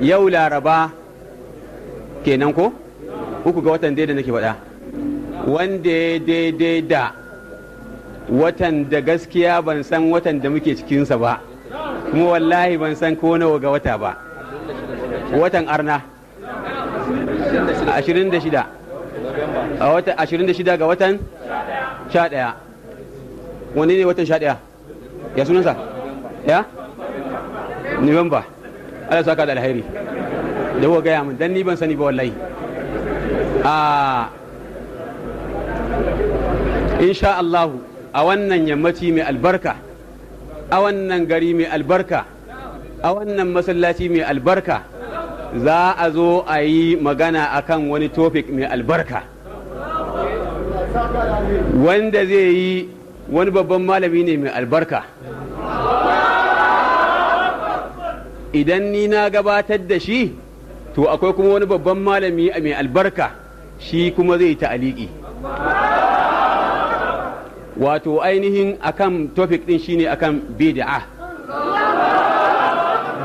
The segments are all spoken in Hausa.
yau laraba kenan ko uku ga watan daidai nake faɗa wanda ya daidai da watan da gaskiya ban san watan da muke cikinsa ba kuma wallahi ban san ko nawa ga wata ba watan arna 26 a watan 26 ga watan 11 wani ne watan 11 ya sunansa ya november Allah saka da alheri da ko gaya min dan ni ban sani ba wallahi a insha Allah a wannan yammaci mai albarka a wannan gari mai albarka a wannan masallaci mai albarka za a zo a yi magana akan wani topic mai albarka wanda zai yi wani babban malami ne mai albarka idan ni na gabatar da shi to akwai kuma wani babban malami mai albarka shi kuma zai ta aliki wato ainihin akan topic din shine akan bid'a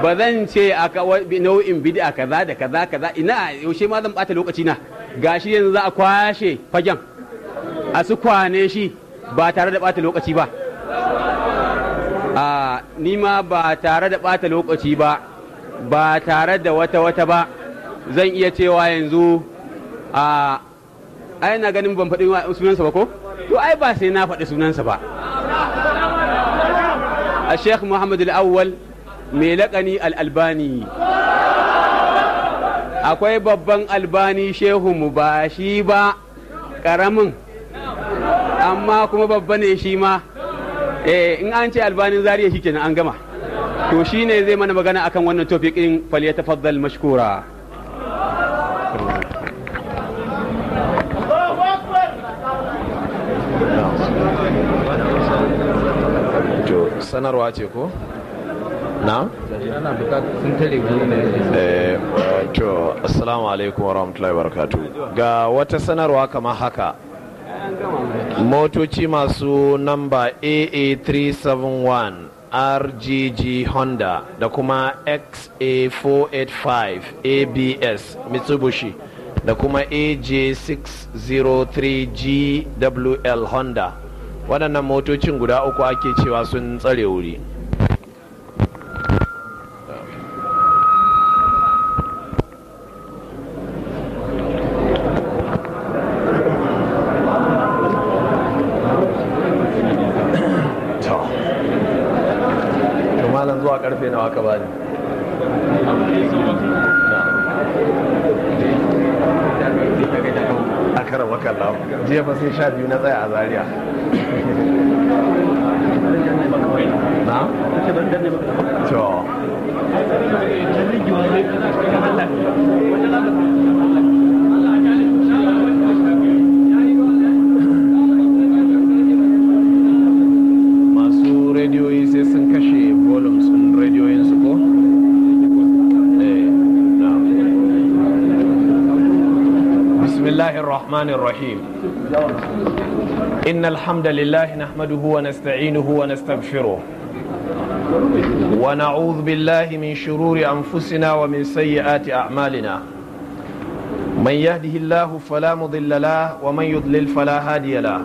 ba zan ce aka nau'in bid'a kaza da kaza kaza ina yaushe ma zan bata lokaci na gashi yanzu za a kwashe fagen a su kwane shi ba tare da bata lokaci ba a nima ba tare da bata lokaci ba ba tare da wata-wata ba zan iya cewa yanzu a ai na ganin ban faɗi sunansa ba ko to ai ba sai na faɗi sunansa ba a sheikh muhammad al mai laƙani al'albani. akwai babban albani mu ba shi ba ƙaramin amma kuma babba ne shi ma Eh, in an ce albanin zariya shi kenan an gama to shi ne zai mana magana akan wannan topic ya falyatafaddal mashkura sanarwa ce ko na? Eh, to assalamu alaikum wa rahmatullahi wa ga wata sanarwa kamar haka motoci masu namba aa371 rgg honda da kuma xa485 abs mitsubishi da kuma aj603 gwl honda waɗannan motocin guda uku ake cewa sun tsare wuri الرحمن الرحيم إن الحمد لله نحمده ونستعينه ونستغفره ونعوذ بالله من شرور أنفسنا ومن سيئات أعمالنا من يهده الله فلا مضل له ومن يضلل فلا هادي له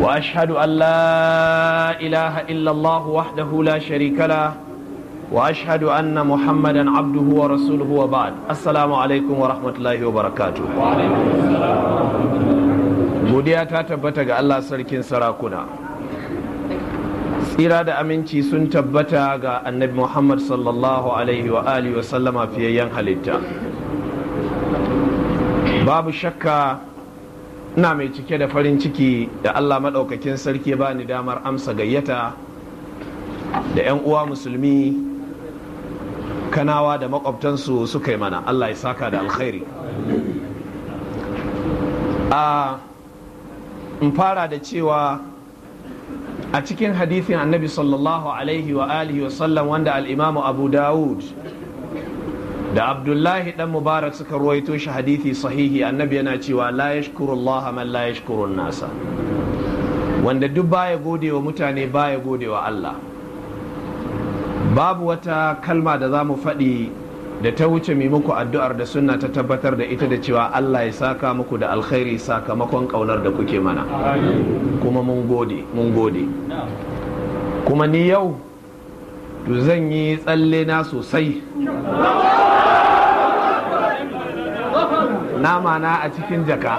وأشهد أن لا إله إلا الله وحده لا شريك له واشهد ان محمدا عبده ورسوله وبعد السلام alaikum wa rahmatullahi wa barakatu. godiya ta tabbata ga Allah sarkin sarakuna tsira da aminci sun tabbata ga annabi Muhammad sallallahu alaihi wa alihi wa sallama yan halitta babu shakka ina mai cike da farin ciki da Allah maɗaukakin sarki ba ni damar amsa gayyata da 'yan uwa musulmi kanawa da makwabtansu suka yi mana allah ya saka da alkhairi a fara da cewa a cikin hadithin annabi sallallahu alaihi wa alihi wa sallam wanda al'imamu abu dawud da abdullahi dan mubarak suka ruwaito shi hadithi sahihi annabi yana cewa la yashkuru allaha man la yashkuru nasa wanda duk baya gode wa mutane baya gode wa allah babu wata kalma da za mu faɗi da ta wuce mai muku addu'ar da sunna ta tabbatar da ita da cewa Allah ya saka muku da alkhairi sakamakon ƙaunar da kuke mana kuma mun gode mun gode kuma ni yau to zan yi tsalle na sosai nama na a cikin jaka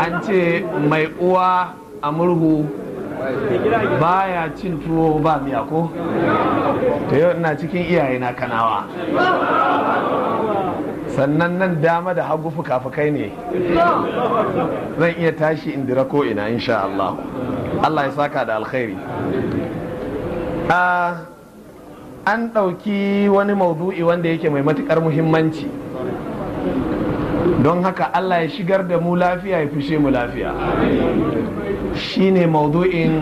an ce mai uwa a murhu baya cin tuwo ba miya ko ta yau ina cikin iyaye na kanawa sannan nan dama da hagu fuka-fukai ne zan iya tashi indira ko ina insha Allah Allah ya saka da alkhairi ah, an ɗauki wani maudu'i wanda yake mai matuƙar muhimmanci don haka Allah ya shigar da mu lafiya ya fushe mu lafiya Shi ne maudu'in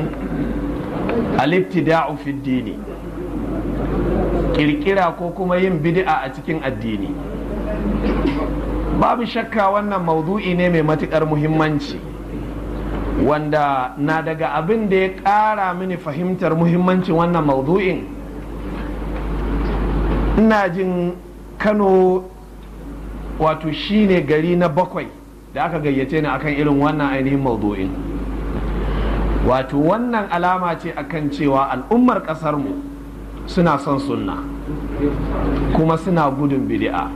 alifti fi dini kirkira ko kuma yin bidi'a a cikin addini babu shakka wannan maudu'i ne mai matukar muhimmanci wanda na daga abin da ya ƙara mini fahimtar muhimmancin wannan maudu'in ina jin kano wato shi ne gari na bakwai da aka gayyace ni akan irin wannan ainihin maudu'in wato wannan alama ce akan cewa al'ummar ƙasarmu suna son sunna kuma suna gudun bidi'a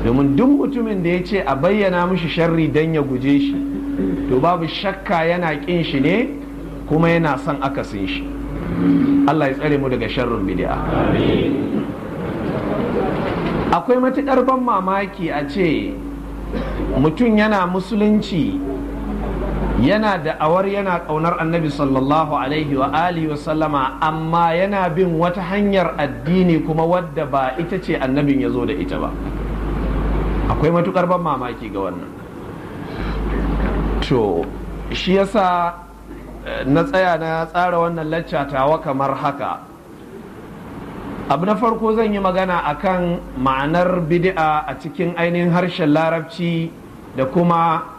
domin duk mutumin da ya ce a bayyana mushi sharri don ya guje shi to babu shakka yana ƙin shi ne kuma yana son akasin shi Allah ya tsare mu daga sharrin bidi'a. akwai matuƙar ban mamaki a ce mutum yana musulunci yana da awar yana ƙaunar annabi sallallahu alaihi wa alihi wa sallama amma yana bin wata hanyar addini kuma wadda ba ita ce annabin ya zo da ita ba akwai matukar ban mamaki ga wannan to shi yasa eh, na tsaya na tsara wannan lacca tawa kamar haka abu na farko zan yi magana akan ma'anar bidi'a a cikin ainihin harshen larabci da kuma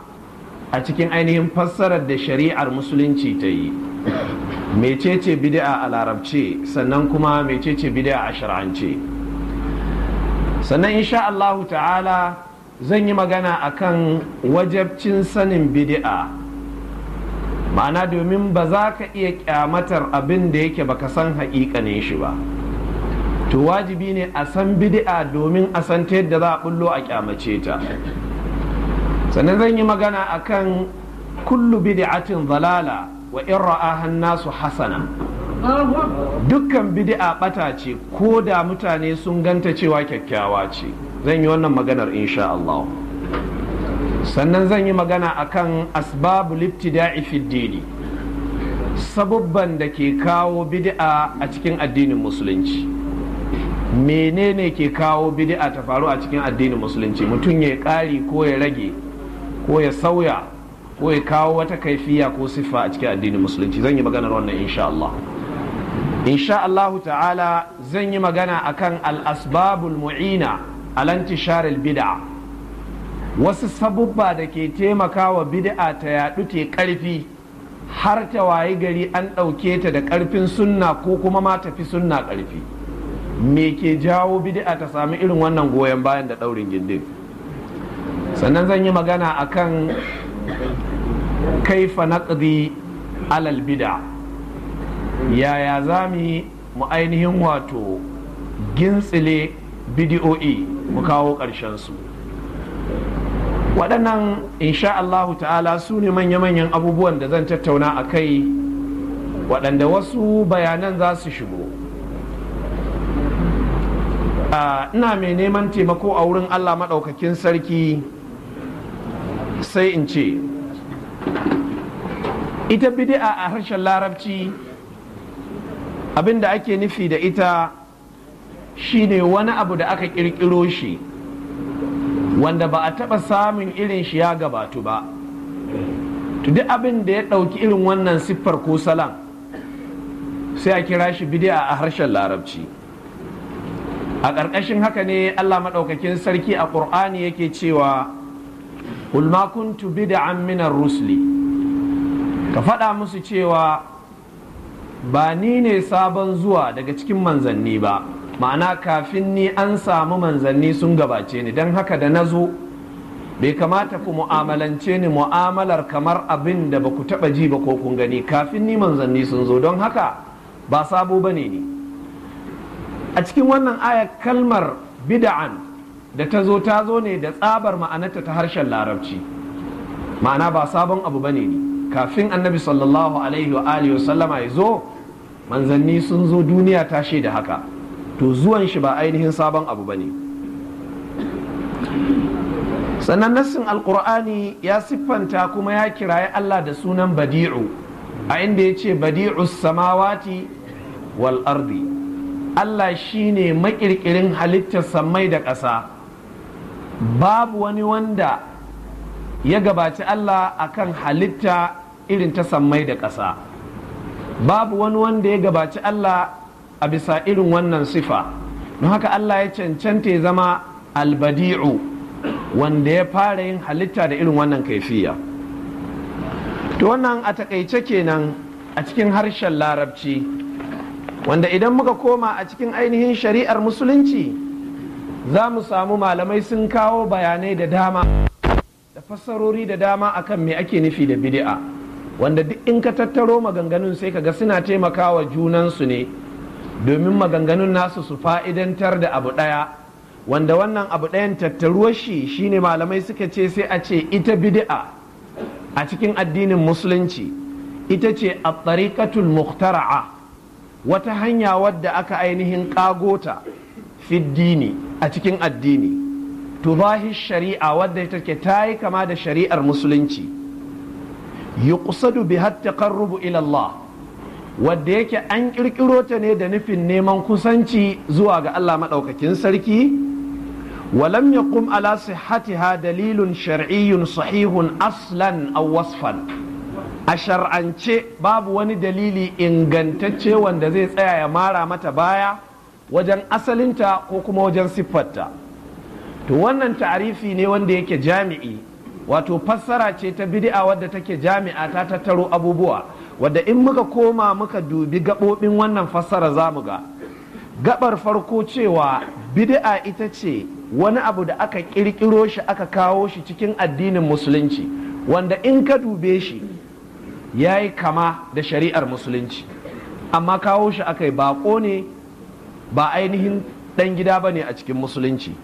a cikin ainihin fassarar da shari'ar musulunci ta yi mecece bid'a a larabce sannan kuma mecece bid'a a shar'ance sannan insha Allahu ta'ala zan yi magana akan wajabcin sanin bid'a ma'ana domin ba za ka iya kyamatar abin da yake baka san ne shi ba to wajibi ne a san bid'a domin a san ta yadda za a bullo a kyamace ta sannan zan yi magana a kan kullu bid'atin zalala wa in ra'aha nasu hasana dukkan bid'a bata ce ko da mutane sun ganta cewa kyakkyawa ce zan yi wannan maganar insha Allah sannan zan yi magana a kan asbabu libtida'i fi dini sabubban da ke kawo bid'a a cikin addinin musulunci menene ke kawo bid'a ta faru a cikin addinin musulunci mutum ya ƙari ko ya rage ko ya sauya ko ya kawo wata kaifiya ko siffa a cikin addinin musulunci zan yi maganar wannan insha Allah insha Allah ta'ala zan yi magana akan al-asbabul mu'ina alantisharil bid'a wasu sabubba da ke taimakawa bid'a ta yaɗu te ƙarfi har ta wayi gari an ɗauke ta da ƙarfin sunna ko kuma ma tafi sunna ƙarfi me ke jawo bid'a ta sami irin wannan goyon bayan da ɗaurin gindin sannan zan yi magana akan kaifa naqdi alal bid'a yaya za mu ainihin wato gintsile bidiyo'i mu kawo ƙarshen su waɗannan insha Allahu ta'ala su ne manya-manyan abubuwan da zan tattauna a kai waɗanda wasu bayanan za su shigo ah, ina mai neman taimako a wurin Allah maɗaukakin sarki sai in ce ita bid'a a harshen larabci abinda ake nufi da ita shine wani abu da aka kirkiro shi wanda ba a taba samun irin shi ya gabatu ba to duk abin da ya ɗauki irin wannan siffar ko salam sai a kira shi bid'a a harshen larabci a ƙarƙashin haka ne allah maɗaukakin sarki a ƙur'ani yake cewa qul ma kuntu bid'an min rusli ka faɗa musu cewa ba ni ne sabon zuwa daga cikin manzanni ba ma'ana kafin ni an samu manzanni sun gabace ni dan haka da na zo bai kamata ku mu'amalance ni mu'amalar kamar abin da ba ku taɓa ji ba ko kun gani kafin ni manzanni sun zo don haka ba sabo bane ni a cikin wannan aya kalmar bid'an da ta zo ta zo ne da tsabar ma'anarta ta harshen larabci ma'ana ba sabon abu ba ne kafin annabi sallallahu alaihi wa alihi sallama ya zo manzanni sun zo duniya ta da haka to zuwan shi ba ainihin sabon abu ba ne sannan nassin alkur'ani ya siffanta kuma ya kiraye allah da sunan badi'u a inda ya ce badi'u samawati wal ardi allah shine makirkirin halittar sammai da ƙasa babu wani wanda ya gabaci Allah akan halitta irin ta sammai da ƙasa babu wani wanda ya gabaci Allah a bisa irin wannan sifa don haka Allah ya cancanta ya zama albadi'u wanda ya fara yin halitta da irin wannan kaifiya to wannan a takaice kenan a cikin harshen larabci wanda idan muka koma a cikin ainihin shari'ar musulunci za mu samu malamai sun kawo bayanai da dama da fassarori da dama akan me ake nufi da bid'a wanda duk in ka tattaro maganganun sai ka ga suna taimakawa junansu ne domin maganganun nasu su fa'idantar da abu ɗaya wanda wannan abu ɗayan tattaruwar shi shine malamai suka ce sai a ce ita bid'a a cikin addinin musulunci ita ce a tariqatul muhtara'a wata hanya wadda aka ainihin ƙagota fiddini a cikin addini tubahi shari'a wadda take ta yi kama da shari'ar musulunci yuqsadu bi taqarrubu ila Allah wadda yake an kirkiro ta ne da nufin neman kusanci zuwa ga Allah maɗaukakin sarki walam yaqum ala sihatiha dalilun shar'iyyun sahihun aslan aw wasfan a shar'ance babu wani dalili ingantacce wanda zai tsaya ya mara mata baya wajen asalinta ko kuma wajen siffarta to wannan ta'arifi ne wanda yake jami'i wato fassara ce ta bidi'a wadda take jami'a ta tattaro abubuwa wadda in muka koma muka dubi gaɓoɓin wannan fassara za mu ga gabar farko cewa bid'a ita ce wani abu da aka ƙirƙiro shi aka kawo shi cikin addinin musulunci wanda in ka dube shi ya yi kama da shari'ar musulunci amma kawo shi aka yi bako ne ba ainihin ɗan gida ba ne a cikin musulunci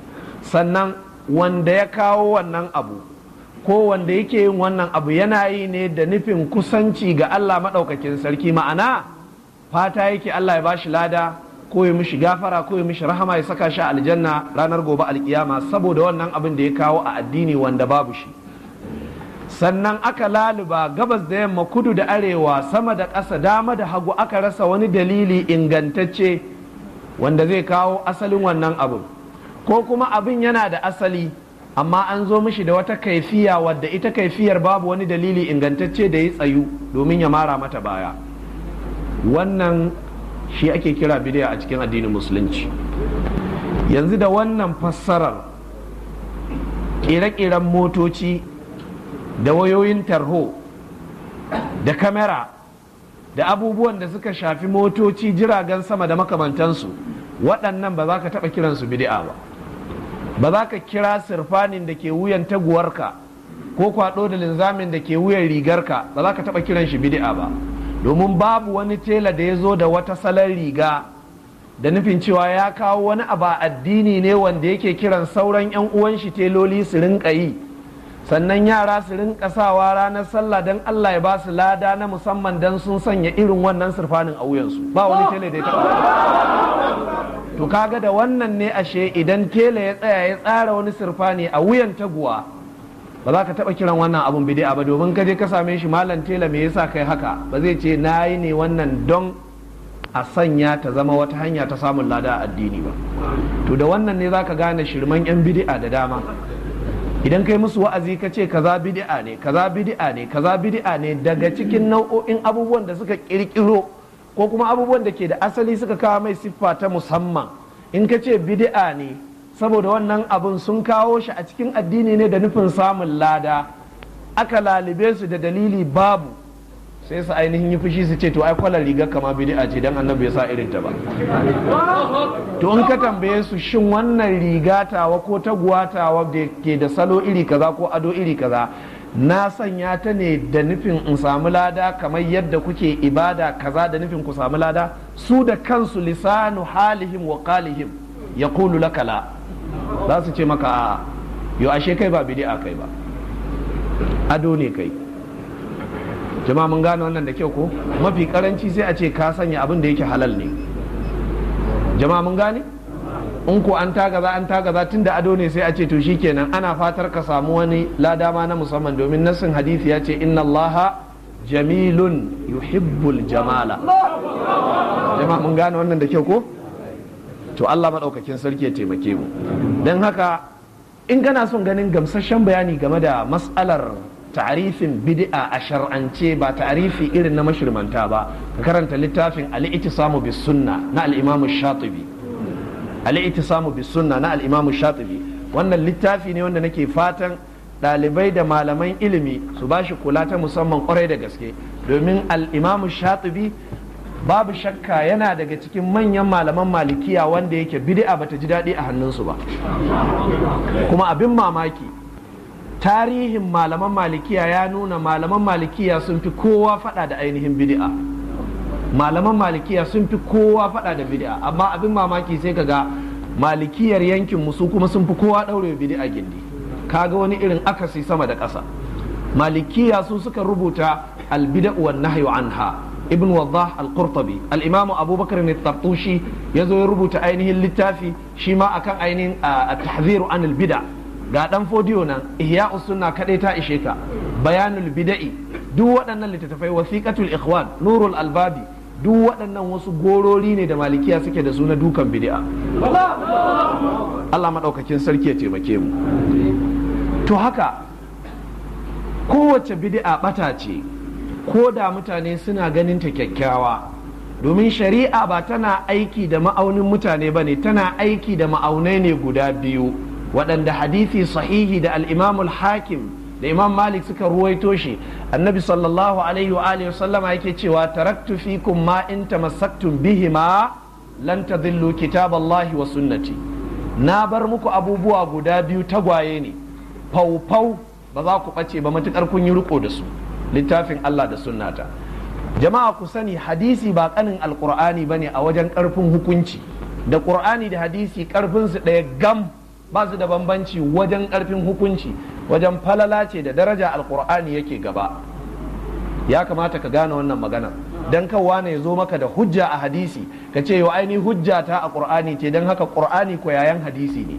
sannan wanda ya kawo wannan abu ko wanda yake yin wannan abu yana yi ne da nufin kusanci ga Allah maɗaukakin sarki ma'ana fata yake Allah ya bashi lada ko ya mishi gafara ko ya mishi rahama ya saka shi a aljanna ranar gobe alkiyama saboda wannan abin da ya kawo a addini wanda babu shi sannan aka laluba gabas da yamma kudu da arewa sama da ƙasa dama da hagu aka rasa wani dalili ingantacce wanda zai kawo asalin wannan abin ko kuma abin yana da asali amma an zo mishi da wata kaifiya wadda ita kaifiyar babu wani dalili ingantacce da ya tsayu domin ya mara mata baya wannan shi ake kira bidiya a cikin addinin musulunci yanzu da wannan fassarar kere-keren motoci da wayoyin tarho da kamera da abubuwan da suka shafi motoci jiragen sama da makamantansu waɗannan ba za ka taɓa kiransu bidi'a ba ba za ka kira sirfanin da ke wuyan taguwarka ko kwaɗo da linzamin da ke wuyan rigarka ba za ka taɓa kiran shi bidi'a ba domin babu wani tela da ya zo da wata salon riga da nufin cewa ya kawo wani abu addini ne wanda yake kiran sauran 'yan uwan shi teloli su rinka yi sannan yara su rinka sawa ranar sallah don Allah ya ba su lada na musamman don sun sanya irin wannan surfanin a wuyansu ba wani oh. tele da ya taɓa to kaga da wannan ne ashe idan tele ya tsaya ya tsara wani surfani a wuyan taguwa ba za ka taɓa kiran wannan abun bidi'a ba domin ka je ka same shi malam tela me yasa kai haka ba zai ce na yi ne wannan don a sanya ta zama wata hanya ta samun lada a addini ba to da wannan ne za ka gane shirman 'yan bidi'a da dama idan kai musu wa'azi ka ce kaza bid'a ne kaza bid'a ne kaza bid'a ne daga cikin nau'o'in abubuwan da suka kirkiro ko kuma abubuwan da ke da asali suka kawo mai siffa ta musamman in ka ce bid'a ne saboda wannan abun sun kawo shi a cikin addini ne da nufin samun lada aka lalibe su da dalili babu sai su ainihin yi fushi su ce to ai kwalar rigar kama a ce dan annabi ya sa irin ta ba to in ka tambaye su shin wannan riga tawa ko taguwa tawa da ke da salo iri kaza ko ado iri kaza na sanya ta ne da nufin in samu lada kamar yadda kuke ibada kaza da nufin ku samu lada su da kansu lisanu halihim wa qalihim yaqulu lakala za su ce maka a yo ashe kai ba a kai ba ado ne kai jama'a mun gane wannan da kyau ko mafi karanci sai a ce ka sanya abin da yake halal ne jama'a mun gane in ko an tagaza an tagaza tun da ado ne sai a ce to kenan. ana fatar ka samu wani ladama na musamman domin nassin hadisi ya ce inna allaha jamilun yuhibbul jamala jama'a mun gane wannan da kyau ko to Allah maɗaukakin sarki ya taimake mu don haka in kana son ganin gamsashen bayani game da masalar ta'arifin bid'a a shar'ance ba ta'arifi irin na mashirmanta ba ka karanta littafin al'iti samu bi sunna na al'imamu shatibi al'iti samu bi sunna na al'imamu shatibi wannan littafi ne wanda nake fatan ɗalibai da malaman ilimi su ba shi kula ta musamman kwarai da gaske domin alimamu shatibi babu shakka yana daga cikin manyan malaman malikiya wanda yake bid'a bata ji daɗi a hannunsu ba kuma abin mamaki tarihin malaman malikiya ya nuna malaman malikiya sun fi kowa fada da ainihin bid'a malaman malikiya sun fi kowa fada da bid'a amma abin mamaki sai ka ga malikiyar yankin musu kuma sun fi kowa daure bidi'a gindi kaga wani irin akasi sama da ƙasa malikiya su suka rubuta albida'u wan nahyu anha ibn wadah al-qurtubi al imam abubakar ne tartushi ya zo ya rubuta ainihin littafi shi ma akan ainihin a tahziru an al-bida' ga dan fodiyo nan ihya sunna kadai ta ishe ka bayanul bida'i duk waɗannan littattafai wasiqatul ikhwan nurul albabi duk waɗannan wasu gorori ne da malikiya suke da su na dukan bid'a Allah madaukakin sarki ya taimake mu to haka kowace bid'a ɓata ce ko da mutane suna ganin ta kyakkyawa domin shari'a ba tana aiki da ma'aunin mutane ba ne tana aiki da ma'aunai ne guda biyu waɗanda hadisi sahihi da al'imamul hakim da imam malik suka ruwaito shi annabi sallallahu alaihi wa sallama yake cewa taraktu fikum ma in tamassaktum bihima lan tadillu kitaballahi wa sunnati na bar muku abubuwa guda biyu tagwaye ne faufau ba za ku ɓace ba matuƙar kun yi riko da su littafin Allah da sunnata jama'a ku sani hadisi ba kanin alqur'ani bane a wajen ƙarfin hukunci da qur'ani da hadisi ƙarfin su ɗaya gam ba su da bambanci wajen ƙarfin hukunci wajen falala ce da daraja alkur'ani yake gaba ya kamata ka gane wannan magana Don kawwa ne zo maka da hujja a hadisi ka ce yau aini hujja ta a ƙur'ani ce don haka ƙur'ani ko yayan hadisi ne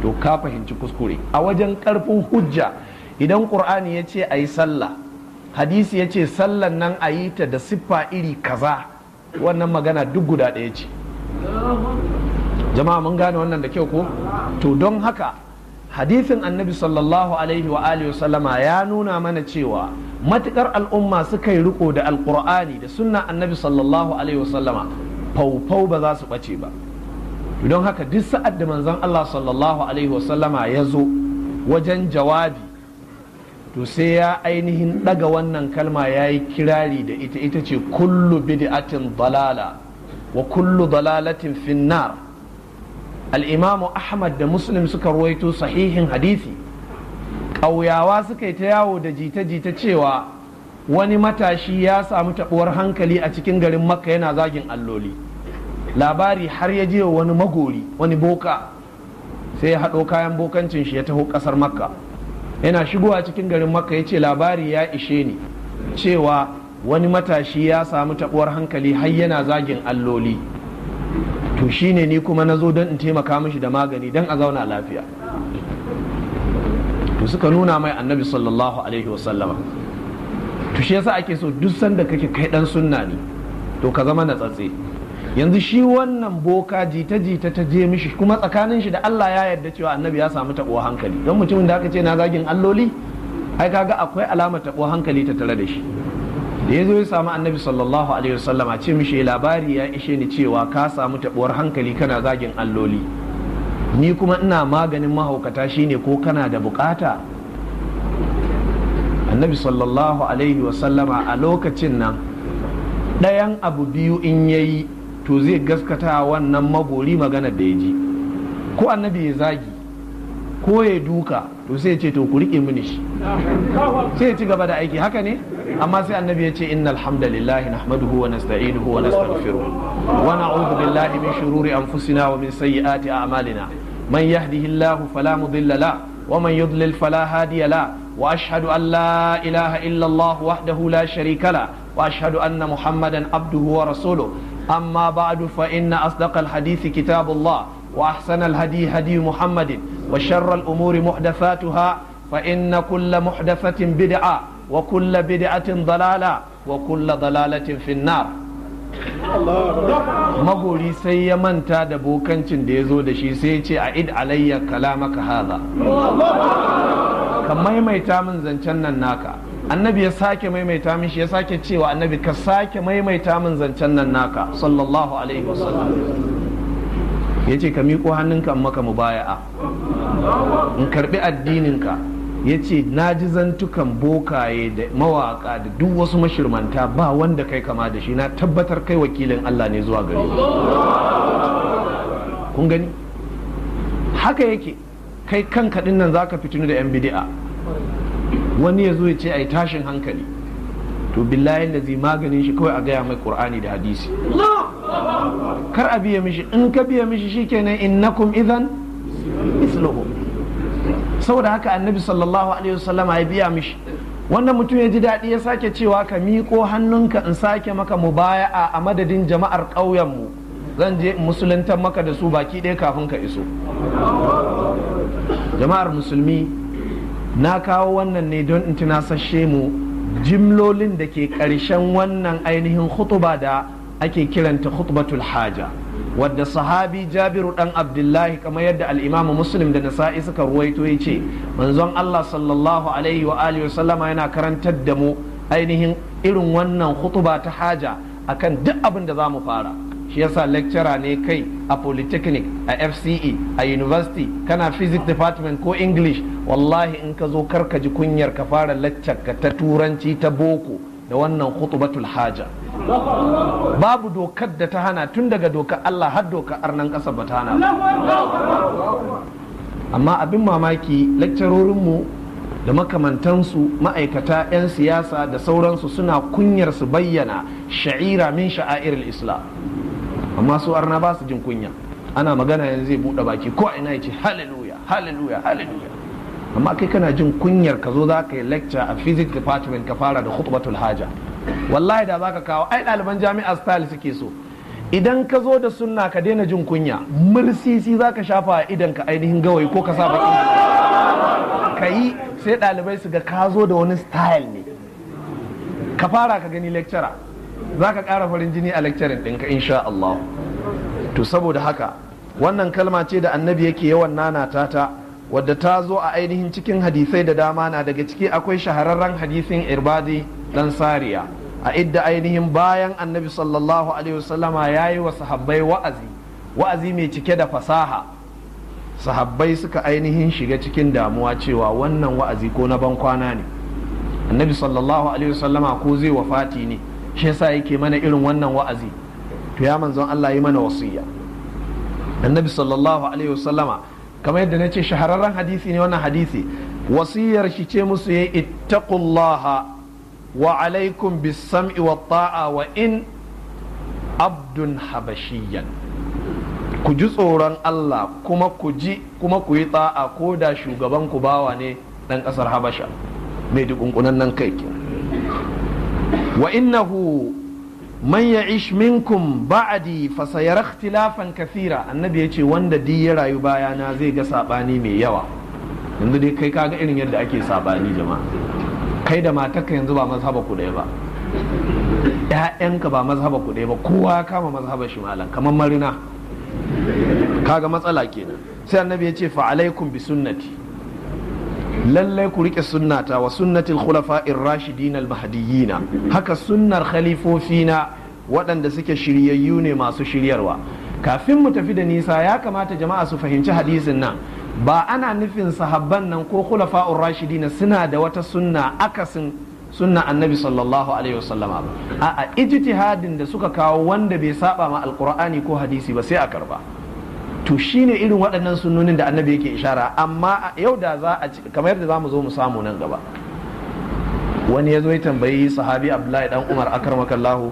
to ka fahimci kuskure a wajen ƙarfin hujja idan ƙur'ani ya ce a yi sallah hadisi ya ce sallan nan a yi ta da siffa iri kaza wannan magana duk guda ɗaya ce jama'a mun gane wannan da kyau ko to don haka hadisin annabi sallallahu alaihi wa alihi sallama ya nuna mana cewa matukar al'umma suka yi riko da alqur'ani da sunna annabi sallallahu alaihi wa sallama faufau ba za su bace ba don haka duk sa'ad da manzon Allah sallallahu alaihi wa sallama ya zo wajen jawabi to sai ya ainihin daga wannan kalma ya yi kirari da ita ita ce kullu bid'atin dalala wa kullu dalalatin finnar al'imamu ahmad da muslim suka ruwaito sahihin hadisi ƙauyawa suka yi ta yawo da jita-jita cewa wani matashi ya samu taɓuwar hankali a cikin garin makka yana zagin alloli labari har ya je wani magori wani boka sai ya haɗo kayan bokancin shi ya taho ƙasar makka yana shigowa cikin garin makka ya ce labari ya ishe ni cewa wani matashi ya samu taɓuwar hankali har yana zagin alloli to shi ne ni kuma na zo don in taimaka mishi da magani don a zauna lafiya to suka nuna mai annabi sallallahu alaihi wasallama to shi yasa ake so duk sanda kake kai dan sunna ne to ka zama na tsatse yanzu shi wannan boka jita jita ta je mishi kuma tsakanin shi da Allah ya yarda cewa annabi ya samu tabo hankali don mutumin da aka ce na zagin alloli ai kaga akwai alama tabo hankali ta tare da shi da ya zo ya samu annabi sallallahu alaihi wasallam a ce mishi eh, labari ya ishe ni cewa ka samu tabuwar hankali kana zagin alloli ni kuma ina maganin mahaukata shine ko kana da bukata annabi sallallahu alaihi wasallama a lokacin nan ɗayan abu biyu in yayi to zai gaskata wannan magori magana da ya ji ko annabi ya zagi ko ya duka to sai ce to ku rike mini shi sai ya ci gaba da aiki haka ne amma sai annabi ya ce inna hamdalillahi nahmaduhu wa nasta'inuhu wa nastaghfiruh wa na'udhu billahi min shururi anfusina wa min sayyiati a'malina man yahdihillahu fala mudilla la wa man yudlil fala hadiya la wa ashhadu an la ilaha illa Allah wahdahu la sharika la wa ashhadu anna Muhammadan abduhu wa rasuluh amma ba'du fa inna asdaqal hadisi kitabullah وأحسن الهدي هدي محمد وشر الأمور محدثاتها فإن كل محدثة بدعة وكل بدعة ضلالة وكل ضلالة في النار magori sai ya manta da bokancin da ya zo da shi sai ya ce a id alayya kalamaka haza ka maimaita min zancen nan naka annabi ya sake maimaita min shi ya sake cewa annabi ka sake maimaita min zancen nan naka sallallahu alaihi wasallam ya ce ka miƙo hannunka maka mubaya'a in karbi addininka ya ce na ji zantukan bokaye da mawaƙa da duk wasu mashirmanta ba wanda kai kama da shi na tabbatar kai wakilin Allah ne zuwa gare kun gani haka yake kai kan kaɗin nan zaka fitinu da yan bidi'a wani ya zo ya ce a tashin hankali to da zai maganin shi kawai a gaya mai kur'ani da hadisi kar a biya mishi in ka biya mishi shikenan innakum idan misluhu saboda haka annabi sallallahu alaihi wasallam ya biya mishi wannan mutum ya ji daɗi ya sake cewa ka miƙo hannunka in sake maka mubaya'a a madadin jama'ar ƙauyenmu zan je musuluntar maka da su baki ɗaya kafin ka iso jama'ar musulmi na kawo wannan ne don in tunasashe mu jimlolin da ke ƙarshen wannan ainihin khutuba da ake kiranta khutbatul haja wadda sahabi jabiru dan abdullahi kamar yadda al'imamu muslim da nasa'i suka ruwaito ya ce manzon allah sallallahu alaihi wa alihi sallama yana karantar da mu ainihin irin wannan khutba ta haja akan duk abin da za mu fara shi yasa lecturer ne kai a polytechnic a fce a university kana physics department ko english wallahi in ka zo ka ji kunyar ka fara lecture ka ta turanci ta boko da wannan khutbatul haja babu dokar da ta hana tun daga dokar Allah har doka arnan ƙasa ba ta hana amma abin mamaki lakcarorinmu da makamantansu ma'aikata 'yan siyasa da sauransu suna kunyar su bayyana sha'ira min sha'air islam amma su arna ba su jin kunya ana magana yanzu zai buɗe baki ko ina ya ce hallelujah hallelujah hallelujah amma kai kana jin kunyar ka zo za ka yi lecture a physics department ka fara da khutbatul haja wallahi da zaka kawo ai ɗaliban jami'a style suke so idan ka zo da sunna ka daina jin kunya mursisi zaka shafa idan ka ainihin gawayi ko ka sa ka yi sai ɗalibai su ga ka zo da wani style ne ka fara ka gani lecturer za ka ƙara farin jini a lecturer. ɗinka insha Allah to saboda haka wannan kalma ce da annabi yake yawan nanata ta wadda ta zo a ainihin cikin hadisai da dama na daga ciki akwai shahararren hadisin irbadi dan sariya a idda ainihin bayan annabi sallallahu alaihi wasallama ya yi wa sahabbai wa'azi wa'azi mai cike da fasaha sahabbai suka ainihin shiga cikin damuwa cewa wannan wa'azi ko na ban kwana ne annabi sallallahu alaihi wasallama ko zai wafati ne shi yasa yake mana irin wannan wa'azi to ya manzon Allah yi mana wasiya annabi sallallahu alaihi wasallama kamar yadda na ce shahararren hadisi ne wannan hadisi wasiyar shi ce musu ya ittaqullaha wa alaikum bis sam'i wa ta'a wa in abdun habashiyan ku ji tsoron Allah kuma ku ji kuma ku yi ta'a ko da shugaban ku bawa ne dan kasar habasha mai dukunkunan nan kai wa innahu man ish minkum ba'adi fa sayara ikhtilafan kathira annabi yace wanda di ya rayu baya na zai ga sabani mai yawa yanzu dai kai kaga irin yadda ake sabani jama'a kai da matarka yanzu ba mazhaba ku dai ba ƴaƴanka ba mazhaba ku dai ba kowa kama mazhaba shi malam kamar marina kaga matsala kenan sai annabi yace fa alaikum bi sunnati lallai ku riƙe sunnata wa sunnatil khulafa'ir rashidin al haka sunnar khalifofina waɗanda suke shiryayyu ne masu shiryarwa kafin mu tafi da nisa ya kamata jama'a su fahimci hadisin nan ba ana nufin sahabban nan ko Khulafa'un rashidina suna da wata sunna akasin sunna annabi sallallahu alaihi wasallama ba a ijtihadin da suka kawo wanda bai saba ma alqur'ani ko hadisi ba sai a karba to ne irin waɗannan sunnonin da annabi yake ishara amma yau da za a kamar yadda za mu zo mu samu nan gaba wani ya zo ya tambayi sahabi abdullahi dan umar akarmakallahu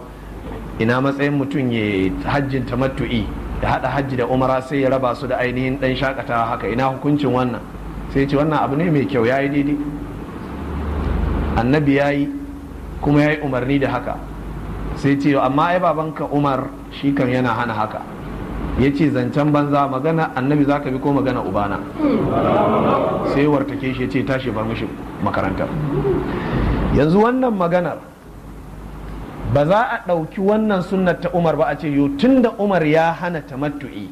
ina matsayin mutum ya hajjin tamattu'i da hada hajji da umara sai ya raba su da ainihin dan shakatawa haka ina hukuncin wannan sai ce wannan abu ne mai kyau yayi daidai annabi yayi kuma yayi umarni da haka sai ce amma ai babanka umar shi kan yana hana haka ya ce zancen banza magana annabi za ka bi ko magana ubana sai wartake shi ce tashi bar mishi makarantar yanzu wannan maganar ba za a ɗauki wannan sunnar ta umar ba a ce yo tun da umar ya hana ta matu'i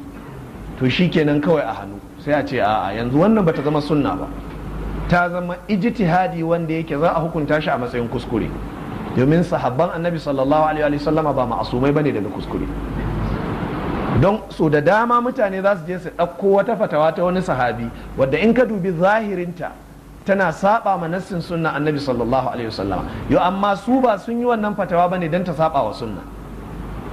to shi kenan kawai a hannu sai a ce a'a yanzu wannan ba ta zama sunna ba ta zama ijtihadi wanda yake za a hukunta shi a matsayin kuskure domin sahabban annabi sallallahu alaihi wa sallama ba ma'asumai bane daga kuskure don so da dama mutane za su je su ɗauko wata fatawa ta wani sahabi wadda in ka dubi zahirinta tana saba ma nassin sunna annabi sallallahu alaihi wasallama yo amma su ba sun yi wannan fatawa bane dan ta saba wa sunna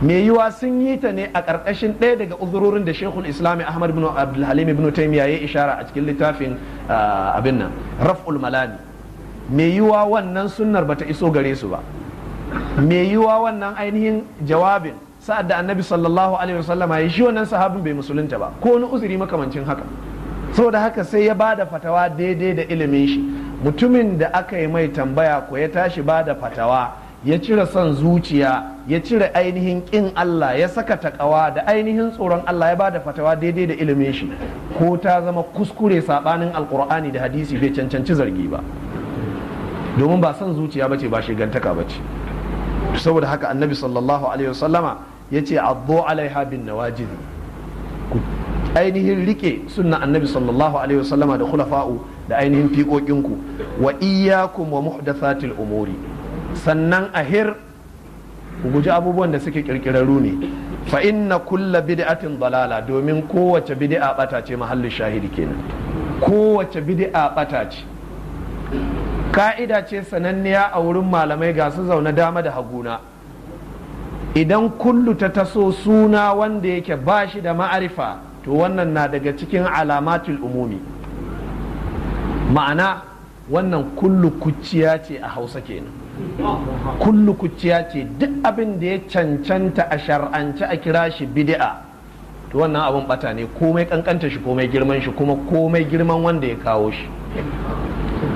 me yiwa sun yi ta ne a ƙarƙashin ɗaya daga uzurorin da shekul islami ahmad bin Abdul abdulhalim bin Taymiya ya yi ishara a cikin littafin ah, abin nan raf'ul malami me yiwa wannan sunnar bata iso gare su ba me yiwa wannan ainihin jawabin sa'ad da annabi sallallahu alaihi wasallam ya shi wannan sahabin bai musulunta ba ko wani uzuri makamancin haka saboda haka sai ya bada fatawa daidai da ilimin shi mutumin da aka yi mai tambaya ko ya tashi bada fatawa ya cire son zuciya ya cire ainihin kin Allah ya saka takawa da ainihin tsoron Allah ya bada fatawa daidai da ilimin shi ko ta zama kuskure sabanin alkur'ani da hadisi bai cancanci zargi ba domin ba son zuciya bace ba shigantaka bace saboda haka annabi sallallahu alaihi wasallama ya ce abbo alaiha bin nawajid ku ainihin rike suna annabi sallallahu alaihi wasallama da khulafa'u da ainihin fiƙoƙinku wa iyyakum wa muhdathatil umuri sannan ahir ku guji abubuwan da suke kirkirarru ne fa inna kulla bid'atin dalala domin kowace bid'a bata ce mahallin shahidi kenan kowace bid'a bata ce ka'ida ce sananniya a wurin malamai ga su zaune dama da haguna idan kullu ta taso suna wanda yake ba shi da ma'arifa to wannan na daga cikin alamatul umumi ma'ana wannan kullu kuciya ce a hausa kenan kullu kuciya ce duk abin da ya cancanta a shar'anci a kira shi bid'a to wannan abin bata ne komai kankanta shi komai girman shi kuma komai girman wanda ya kawo shi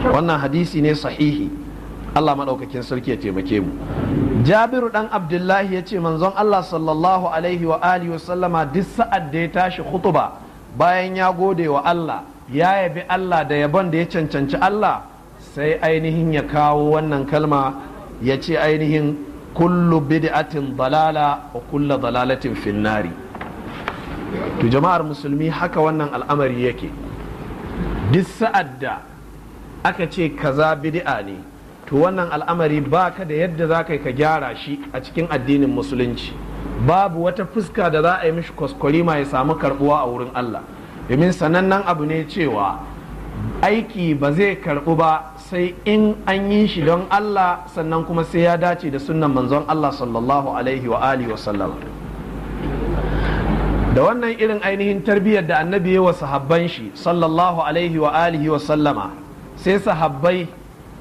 wannan hadisi ne sahihi Allah maɗaukakin sarki ya taimake mu jabiru ɗan abdullahi ya ce manzon Allah sallallahu alaihi wa alihi sallama duk sa'ad da ya tashi khutuba bayan ya gode wa Allah ya yabi Allah da yabon da ya cancanci Allah sai ainihin ya kawo wannan kalma ya ce ainihin kullu bid'atin dalala wa kullu dalalatin finnari to jama'ar musulmi haka wannan al'amari yake duk sa'ad da aka ce kaza bid'a ne to wannan al'amari ba ka da yadda za ka yi ka gyara shi a cikin addinin musulunci babu wata fuska da za a yi mishi kwaskwarima ya samu karbuwa a wurin Allah domin sanannen abu ne cewa aiki ba zai karbu ba sai in an yi shi don Allah sannan kuma sai ya dace da sunan manzon Allah sallallahu alaihi wa alihi wa da wannan irin ainihin tarbiyyar da annabi ya wa sahabban shi sallallahu alaihi wa alihi wa sai sahabbai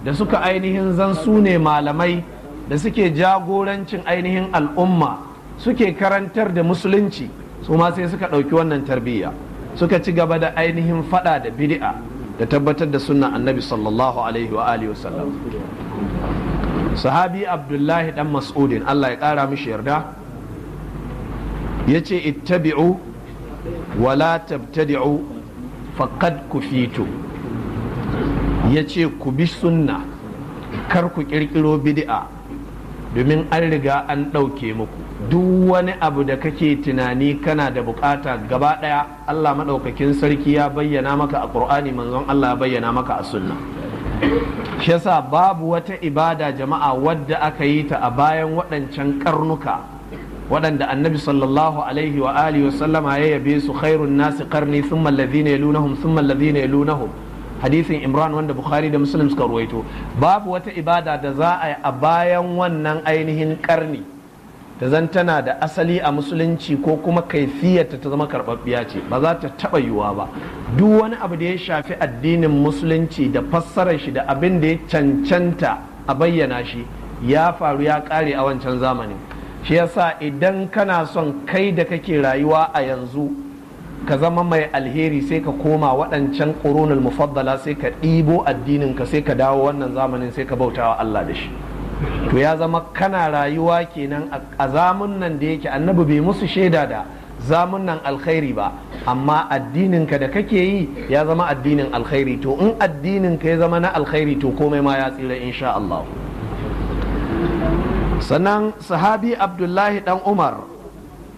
da suka ainihin zan su ne malamai da suke jagorancin ainihin al'umma suke karantar da musulunci su ma sai suka ɗauki wannan tarbiyya suka ci gaba da ainihin fada da bid'a da tabbatar da sunna annabi sallallahu alaihi wa alihi wasallam sahabi abdullahi dan mas'udin Allah ya ƙara mishi yarda ya ce ittabi'u wala tabtadi'u faqad kufitu ya ce ku bi sunna kar ku kirkiro bid'a domin an riga an ɗauke muku duk wani abu da kake tunani kana da bukata gaba ɗaya Allah maɗaukakin sarki ya bayyana maka a ƙur'ani manzon Allah ya bayyana maka a sunna shi yasa babu wata ibada jama'a wadda aka yi ta a bayan waɗancan karnuka waɗanda annabi sallallahu alaihi wa alihi wa sallama ya yabe su khairun nasi qarni thumma alladhina yalunahum thumma alladhina yalunahum hadisin imran wanda bukhari da muslim suka ruwaito babu wata ibada da za a yi a bayan wannan ainihin karni da zan tana da asali a musulunci ko kuma kaifiyarta ta zama karɓaɓɓiya ce ba za ta taɓa yiwuwa ba duk wani abu da ya shafi addinin musulunci da fassarar shi da abin da ya cancanta a bayyana shi ya faru ya kare a wancan zamani. shi yasa idan kana son kai da kake rayuwa a yanzu ka zama mai alheri sai ka koma waɗancan ƙurunul mufaddala sai ka ɗibo addininka sai ka dawo wannan zamanin sai ka bautawa Allah da shi to ya zama kana rayuwa kenan a zamun nan da yake annabi bai musu shaida da zamun nan alkhairi ba amma addininka da kake yi ya zama addinin alkhairi to in addininka ya zama na alkhairi to komai ma ya tsira insha Allah sannan sahabi abdullahi dan umar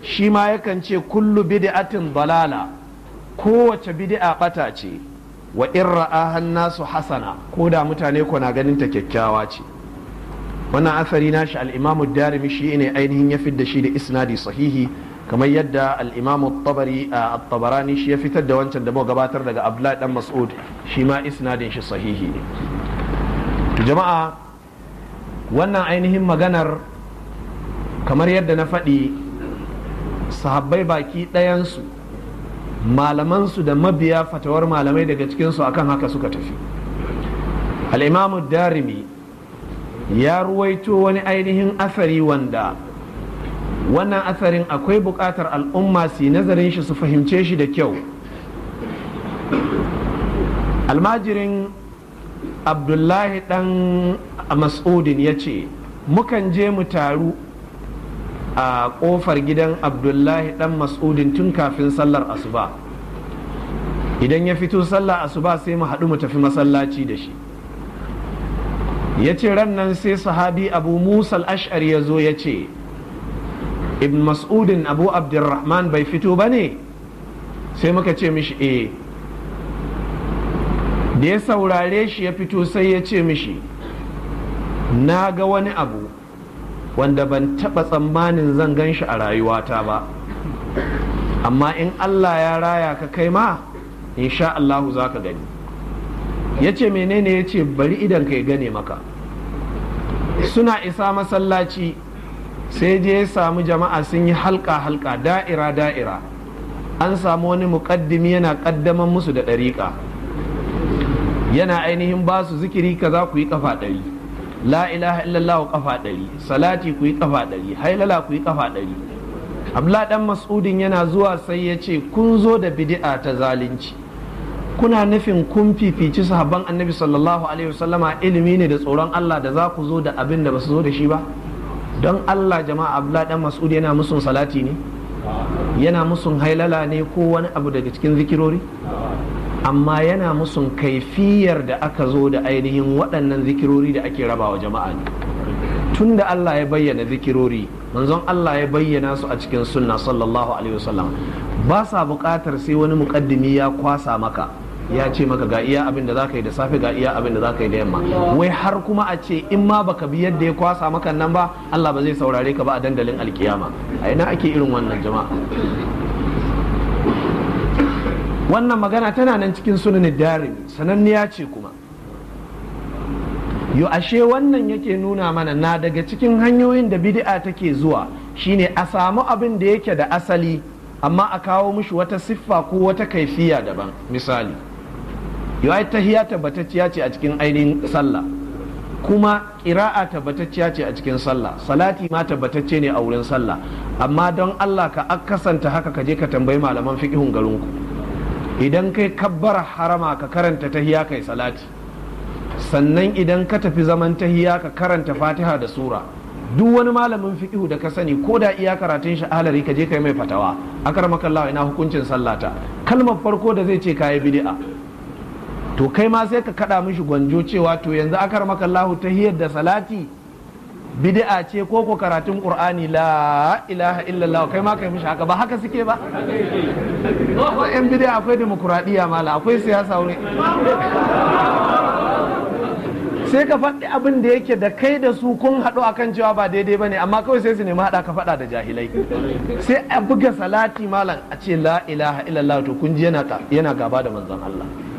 shi ma yakan ce kullu bid'atin dalala kowace bid'a bata ce wa in ra'ahan nasu hasana ko da mutane ko na ganin ta kyakkyawa ce wannan asari nashi al-imamu darimi shi ne ainihin ya fidda shi da isnadi sahihi kamar yadda al-imamu tabari a tabarani shi ya fitar da wancan da mu gabatar daga abdullahi dan mas'ud shi ma isnadin shi sahihi ne to jama'a wannan ainihin maganar kamar yadda na faɗi sahabbai baki ɗayansu malamansu da mabiya fatawar malamai daga cikinsu akan haka suka tafi al'imamu darimi ya ruwaito wani ainihin asari wanda wannan asarin akwai buƙatar al'umma su nazarin shi su fahimce shi da kyau almajirin abdullahi ɗan mas'udin ya ce mukan je mu taru a kofar gidan abdullahi dan mas'udin tun kafin sallar asuba idan ya fito sallar asuba sai mu haɗu mu tafi masallaci da shi ya ce nan sai sahabi abu musa al-ash'ar ya zo ya ce ibn mas'udin abu abdurrahman bai fito ba ne sai muka ce mishi eh da ya saurare shi ya fito sai ya ce mishi na ga wani abu wanda ban taɓa tsammanin zan gan shi a rayuwata ba amma in Allah ya raya ka kai ma insha Allahu za ka gani ya ce menene ya ce bari idan ka gane maka suna isa masallaci sai je ya samu jama'a sun yi halka-halka da'ira-da'ira an samu wani muƙaddimi yana ƙaddaman musu da ɗariƙa yana ainihin ba su zikiri ka za ku yi ƙafa ɗari la ilaha illallah kafa ɗari salati ku yi kafa ɗari hailala ku yi kafa ɗari abla dan mas'udin yana zuwa sai ya ce kun zo da bid'a ta zalunci kuna nufin kun fifici sahabban annabi sallallahu alaihi wasallama ilimi ne da tsoron Allah da za ku zo da abin da ba su zo da shi ba don Allah jama'a abla dan mas'ud yana musun salati ne yana musun hailala ne ko wani abu daga cikin zikirori amma yana musun kaifiyar da aka zo da ainihin waɗannan zikirori da ake raba wa jama'a ne tun da Allah ya bayyana zikirori manzon Allah ya bayyana su a cikin sunna sallallahu alaihi wasallam ba sa buƙatar sai wani muƙaddimi ya kwasa maka ya ce maka ga iya abin da zaka yi da safe ga iya abin da zaka yi da yamma wai har kuma a ce in ma baka bi yadda ya kwasa maka nan ba Allah ba zai saurare ka ba a dandalin alkiyama a ina ake irin wannan jama'a wannan magana tana nan cikin sunan darimi sananniya ce kuma yo ashe wannan yake nuna mana na daga cikin hanyoyin da bid'a take zuwa shine a samu abin da yake da asali amma a kawo mushi wata siffa ko wata kaifiya daban misali yo ai tahiyya tabbatacciya ce a cikin ainihin sallah kuma ƙira'a tabbatacciya ce a cikin sallah salati ma tabbatacce ne a wurin sallah amma don Allah ka akasanta haka ka je ka tambayi malaman fiqhun garinku idan kai kabbar harama ka karanta tahiya kai salati sannan idan ka tafi zaman tahiya ka karanta fatiha da sura duk wani malamin fiqhu da ka sani ko da iya karatun sha'alari kaje ka je kai mai fatawa akar makallawa ina hukuncin sallata kalmar farko da zai ce kayi bidi'a to kai ma sai ka kaɗa mishi gwanjo cewa to yanzu akar makallahu tahiyar da salati bid'a ce ko ko karatun qur'ani la ilaha illallah kai ma kai mishi haka ba haka suke ba ko yan bid'a akwai demokradiya mala akwai siyasa wuri sai ka faɗi abin da yake da kai da su kun haɗu akan cewa ba daidai ba ne amma kawai sai su nemi haɗa ka faɗa da jahilai sai a buga salati malam a ce la ilaha illallah to kun ji yana gaba da manzon Allah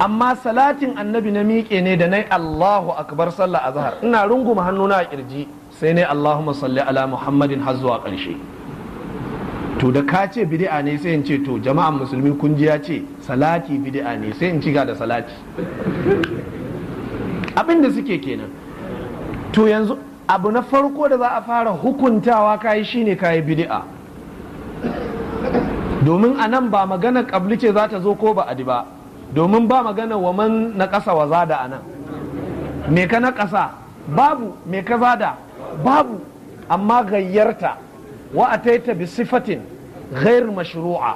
amma salatin annabi na miƙe ne da nai Allahu akbar sallah azhar ina runguma hannuna a kirji sai ne Allahumma salli ala Muhammadin har zuwa ƙarshe to da ka ce bid'a ne sai in ce to jama'an musulmi kun ji ya ce salati bid'a ne sai in ci ga da salati abin da suke kenan to yanzu abu na farko da za a fara hukuntawa kayi shine kayi bid'a domin a nan ba magana kabli ce za ta zo ko ba adi ba domin ba magana wa man na ƙasa wa zada a nan me ka na ƙasa babu me ka zada babu amma gayyarta wa ataita bi sifatin ghair mashru'a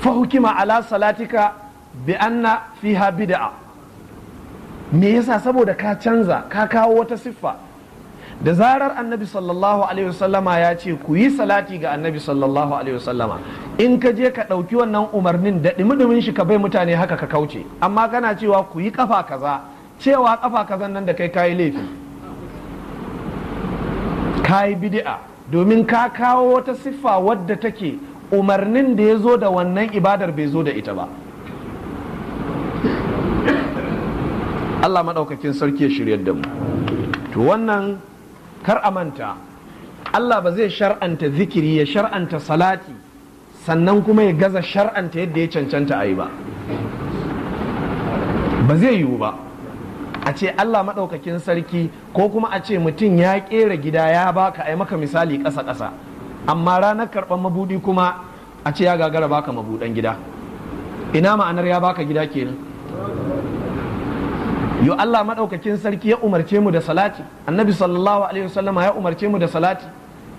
fa hukima ala salatika bi anna fiha bid'a me yasa saboda ka canza ka kawo wata siffa da zarar annabi sallallahu alaihi wasallama ya ce ku yi salati ga annabi sallallahu alaihi wasallama in ka je ka ɗauki wannan umarnin da ɗimi shi ka bai mutane haka ka kauce amma kana cewa ku yi kafa kaza cewa kafa kaza nan da kai kayi laifi kayi bid'a domin ka kawo wata siffa wadda take umarnin da ya zo da wannan ibadar bai zo da ita ba Allah maɗaukakin sarki ya shiryar da mu to wannan kar a manta Allah ba zai shar'anta zikiri ya shar'anta salati sannan kuma ya gaza shar'anta yadda ya cancanta a yi ba ba zai yiwu ba a ce Allah maɗaukakin sarki ko kuma a ce mutum ya ƙera gida ya baka yi maka misali ƙasa-ƙasa amma ranar karɓar mabuɗi kuma a ce ya gagara baka mabuɗan gida ina ma'anar ya baka gida kenan yo Allah madaukakin sarki ya umarce mu da salati annabi sallallahu alaihi wasallama ya umarce mu da salati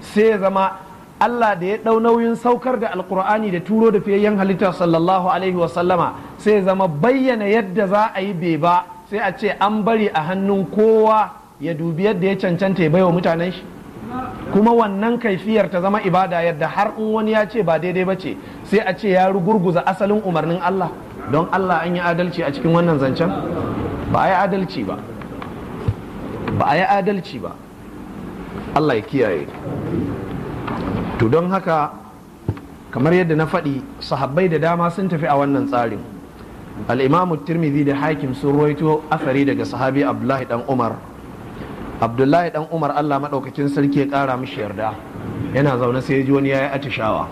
sai ya zama Allah da ya dau nauyin saukar da alkur'ani da turo da fiyayyen halitta sallallahu alaihi wasallama sai ya zama bayyana yadda za a yi beba sai a ce an bari a hannun kowa ya dubi yadda ya cancanta ya baiwa mutanen shi kuma wannan kaifiyar ta zama ibada yadda har in wani ya ce ba daidai ba ce sai a ce ya rugurguza asalin umarnin Allah don Allah an yi adalci a cikin wannan zancen ba a yi adalci ba ba a yi adalci ba Allah ya kiyaye to don haka kamar yadda na faɗi sahabbai da dama sun tafi a wannan tsarin al'imamu tirmidhi da hakim sun ruwaito afari daga sahabi abdullahi dan umar abdullahi dan umar allah maɗaukakin sarki ya ƙara mishi yarda yana zaune sai ya ji wani ya yi atishawa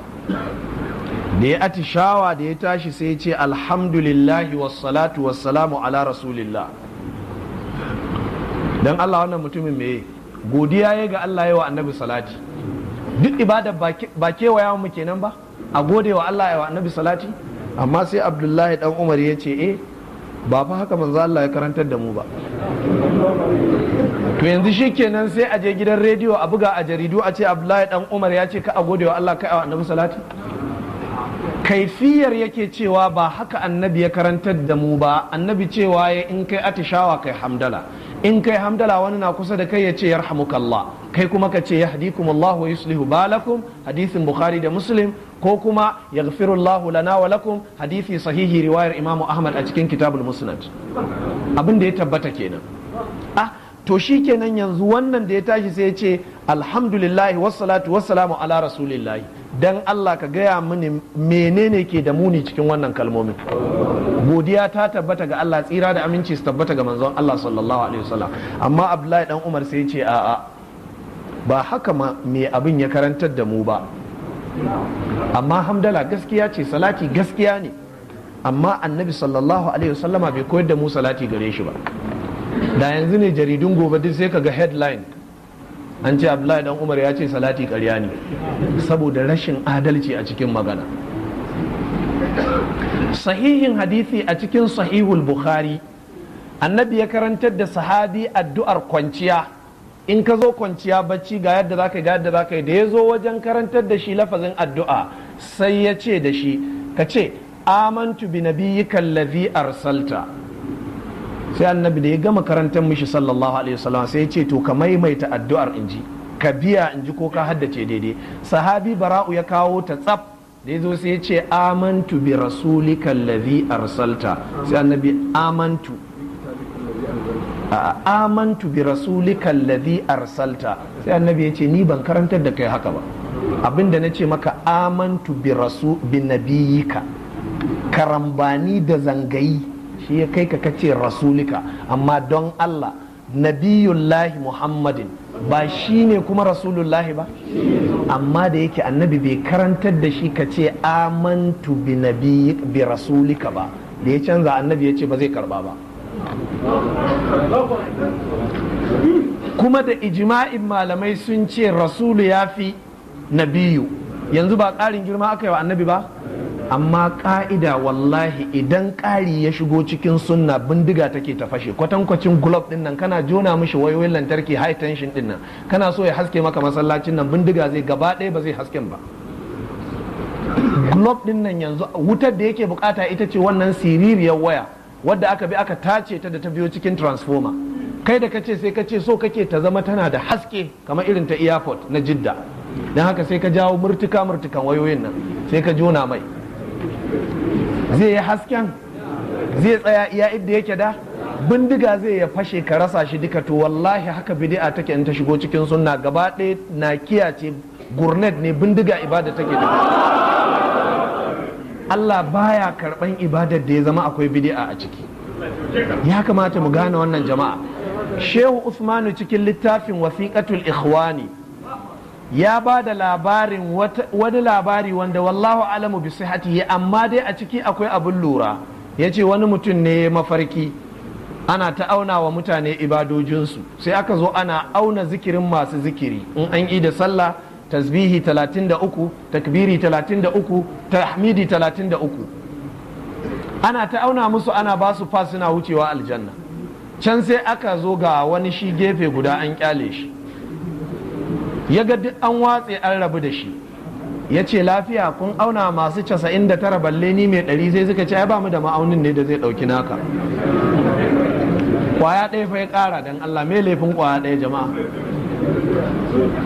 da ya atishawa da ya tashi sai ya ce alhamdulillahi wassalatu wassalamu ala rasulillah don Allah wannan mutumin me godiya ya ga Allah yawa annabi salati duk ibadar ba kewa yawon mu kenan ba a gode wa Allah yawa annabi salati amma sai abdullahi dan umar ya ce eh ba fa haka manzo Allah ya karantar da mu ba to yanzu shikenan sai a je gidan rediyo a buga a jaridu a ce abdullahi dan umar ya ce ka a gode wa Allah kai wa annabi salati kaifiyar yake cewa ba haka annabi ya karantar da mu ba annabi cewa ya in kai atishawa kai hamdala in kai hamdala wani na kusa da kai ya ce yarhamukallah kai kuma ka ce yahdikumullah wa yuslihu balakum hadisin bukhari da muslim ko kuma yaghfirullahu lana wa lakum hadisi sahihi riwayar imamu ahmad a cikin kitabul musnad abin da ya tabbata kenan to shi kenan yanzu wannan da ya tashi sai ya ce alhamdulillahi wassalatu wassalamu ala rasulillahi dan Allah ka gaya mini menene ke da muni cikin wannan kalmomin godiya ta tabbata ga Allah tsira da aminci su tabbata ga manzon Allah sallallahu alaihi wasallam amma Abdullahi dan Umar sai ya ce a ba haka ma me abin ya karantar da mu ba amma hamdala gaskiya ce salati gaskiya ne amma annabi sallallahu alaihi wasallama bai koyar da mu salati gare shi ba da yanzu ne jaridun gobe duk sai ka ga headline an ce abdullahi dan umar ya ce salati karya ne saboda rashin adalci a cikin magana sahihin hadithi a cikin sahihul bukhari annabi ya karantar da sahabi addu'ar kwanciya in ka zo kwanciya bacci ga yadda za ka ga yadda za ka yi da ya zo wajen karantar da shi lafazin addu'a sai ya ce da shi ka ce amantu bi nabiyyika allazi arsalta sai annabi da ya gama karantar mishi sallallahu alaihi wasallam sai ya ce to ka maimaita addu'ar inji ka biya inji ko ka haddace daidai sahabi bara'u ya kawo ta tsaf da ya zo sai ya ce amantu bi rasulika allazi arsalta sai annabi amantu amantu bi rasulika allazi arsalta sai annabi ya ce ni ban karantar da kai haka ba abinda na ce maka amantu bi rasu bi nabiyika karambani da zangayi shi ya kai ka kace rasulika amma don Allah nabiyullahi muhammadin ba shi ne kuma rasulullahi ba amma da yake annabi bai karantar da shi ka ce amantu bi nabi bi rasulika ba da ya canza annabi ya ce ba zai karba ba kuma da ijma'in malamai sun ce rasulu ya fi nabiyu yanzu ba ƙarin girma aka yi wa annabi ba amma ka'ida wallahi idan ƙari ya shigo cikin sunna bindiga take ta fashe kwatankwacin gulob din nan kana jona mishi wayoyin lantarki high tension din nan kana so ya haske maka masallacin nan bindiga zai gaba ɗaya ba zai hasken ba gulob din nan yanzu wutar da yake bukata ita ce wannan siririyar waya wadda aka bi aka tace ta da ta biyo cikin transformer kai da kace sai kace so kake ta zama tana da haske kamar irin ta airport na jidda don haka sai ka jawo murtuka murtukan wayoyin nan sai ka jona mai zai yi hasken zai tsaya iya idda yake da bindiga zai ya fashe ka rasa shi duka to wallahi haka bidi'a take in ta shigo cikin sunna gaba ɗaya na kiyace gurnet ne bindiga ibada take da Allah baya karban ibadar da ya zama akwai bidi'a a ciki ya kamata mu gane wannan jama'a shehu usmanu cikin littafin wasiqatul ikhwani ya ba da labarin wani labari wanda wallahu alamu bi sihatihi amma dai a ciki akwai abin lura ya ce wani mutum ne mafarki ana ta auna wa mutane ibadojinsu sai aka zo ana auna zikirin masu zikiri in an yi da sallah tasbihi 33 takbiri 33 tahmidi 33 ana ta auna musu ana ba su suna wucewa aljanna can sai aka zo ga wani shi gefe guda an kyale shi ya ga duk an watse an rabu da shi ya ce lafiya kun auna masu casa'in da tara balle ni mai ɗari zai suka ce ai ba mu da ma'aunin ne da zai ɗauki naka kwaya ɗaya fa ya ƙara don Allah mai laifin kwaya ɗaya jama'a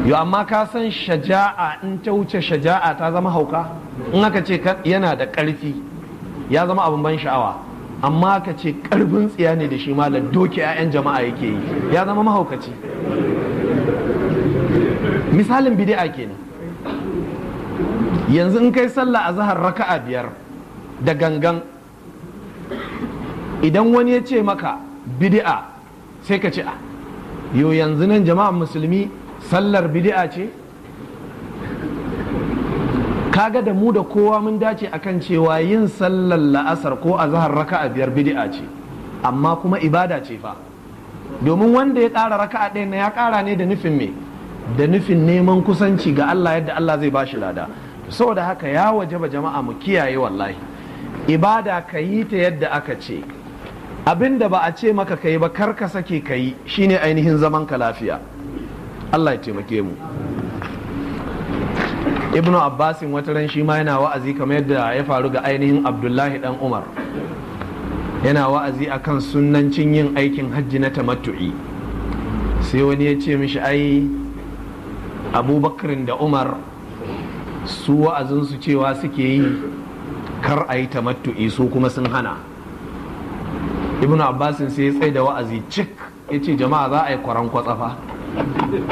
yau amma ka san shaja'a in ta wuce shaja'a ta zama hauka in aka ce yana da ƙarfi ya zama abin ban sha'awa amma ka ce ƙarfin tsiya ne da shi malam doke 'ya'yan jama'a yake yi ya zama mahaukaci misalin bid'a kenan yanzu in kai sallah a zahar raka'a biyar da gangan idan wani ya ce maka bid'a sai ka ce a ah, yo yanzu nan jama'a musulmi sallar bid'a ce Ka ga da mu da kowa mun dace akan cewa yin sallar la'asar ko a zahar raka'a biyar bid'a ce amma kuma ibada ce fa domin wanda ya ƙara raka'a ɗaya na ya ƙara ne da nufin mai. da nufin neman kusanci ga Allah yadda Allah zai bashi lada saboda haka ya waje ba jama'a mu kiyaye wallahi ibada ka yi ta yadda aka ce abin da ba a ce maka ka yi ba kar ka sake ka yi shine ainihin zaman ka lafiya Allah ya taimake mu ibnu abbasin wata ran shi ma yana wa'azi kamar yadda ya faru ga ainihin abdullahi dan umar yana wa'azi akan sunancin yin aikin hajji na tamattu'i sai wani ya ce mishi ai abubakarin da umar su wa'azinsu cewa suke yi kar a yi tamattu'i su kuma sun hana ibn abbasin sai ya tsaye da wa'azi cik ya ce jama'a za a yi kwaran kwatsa fa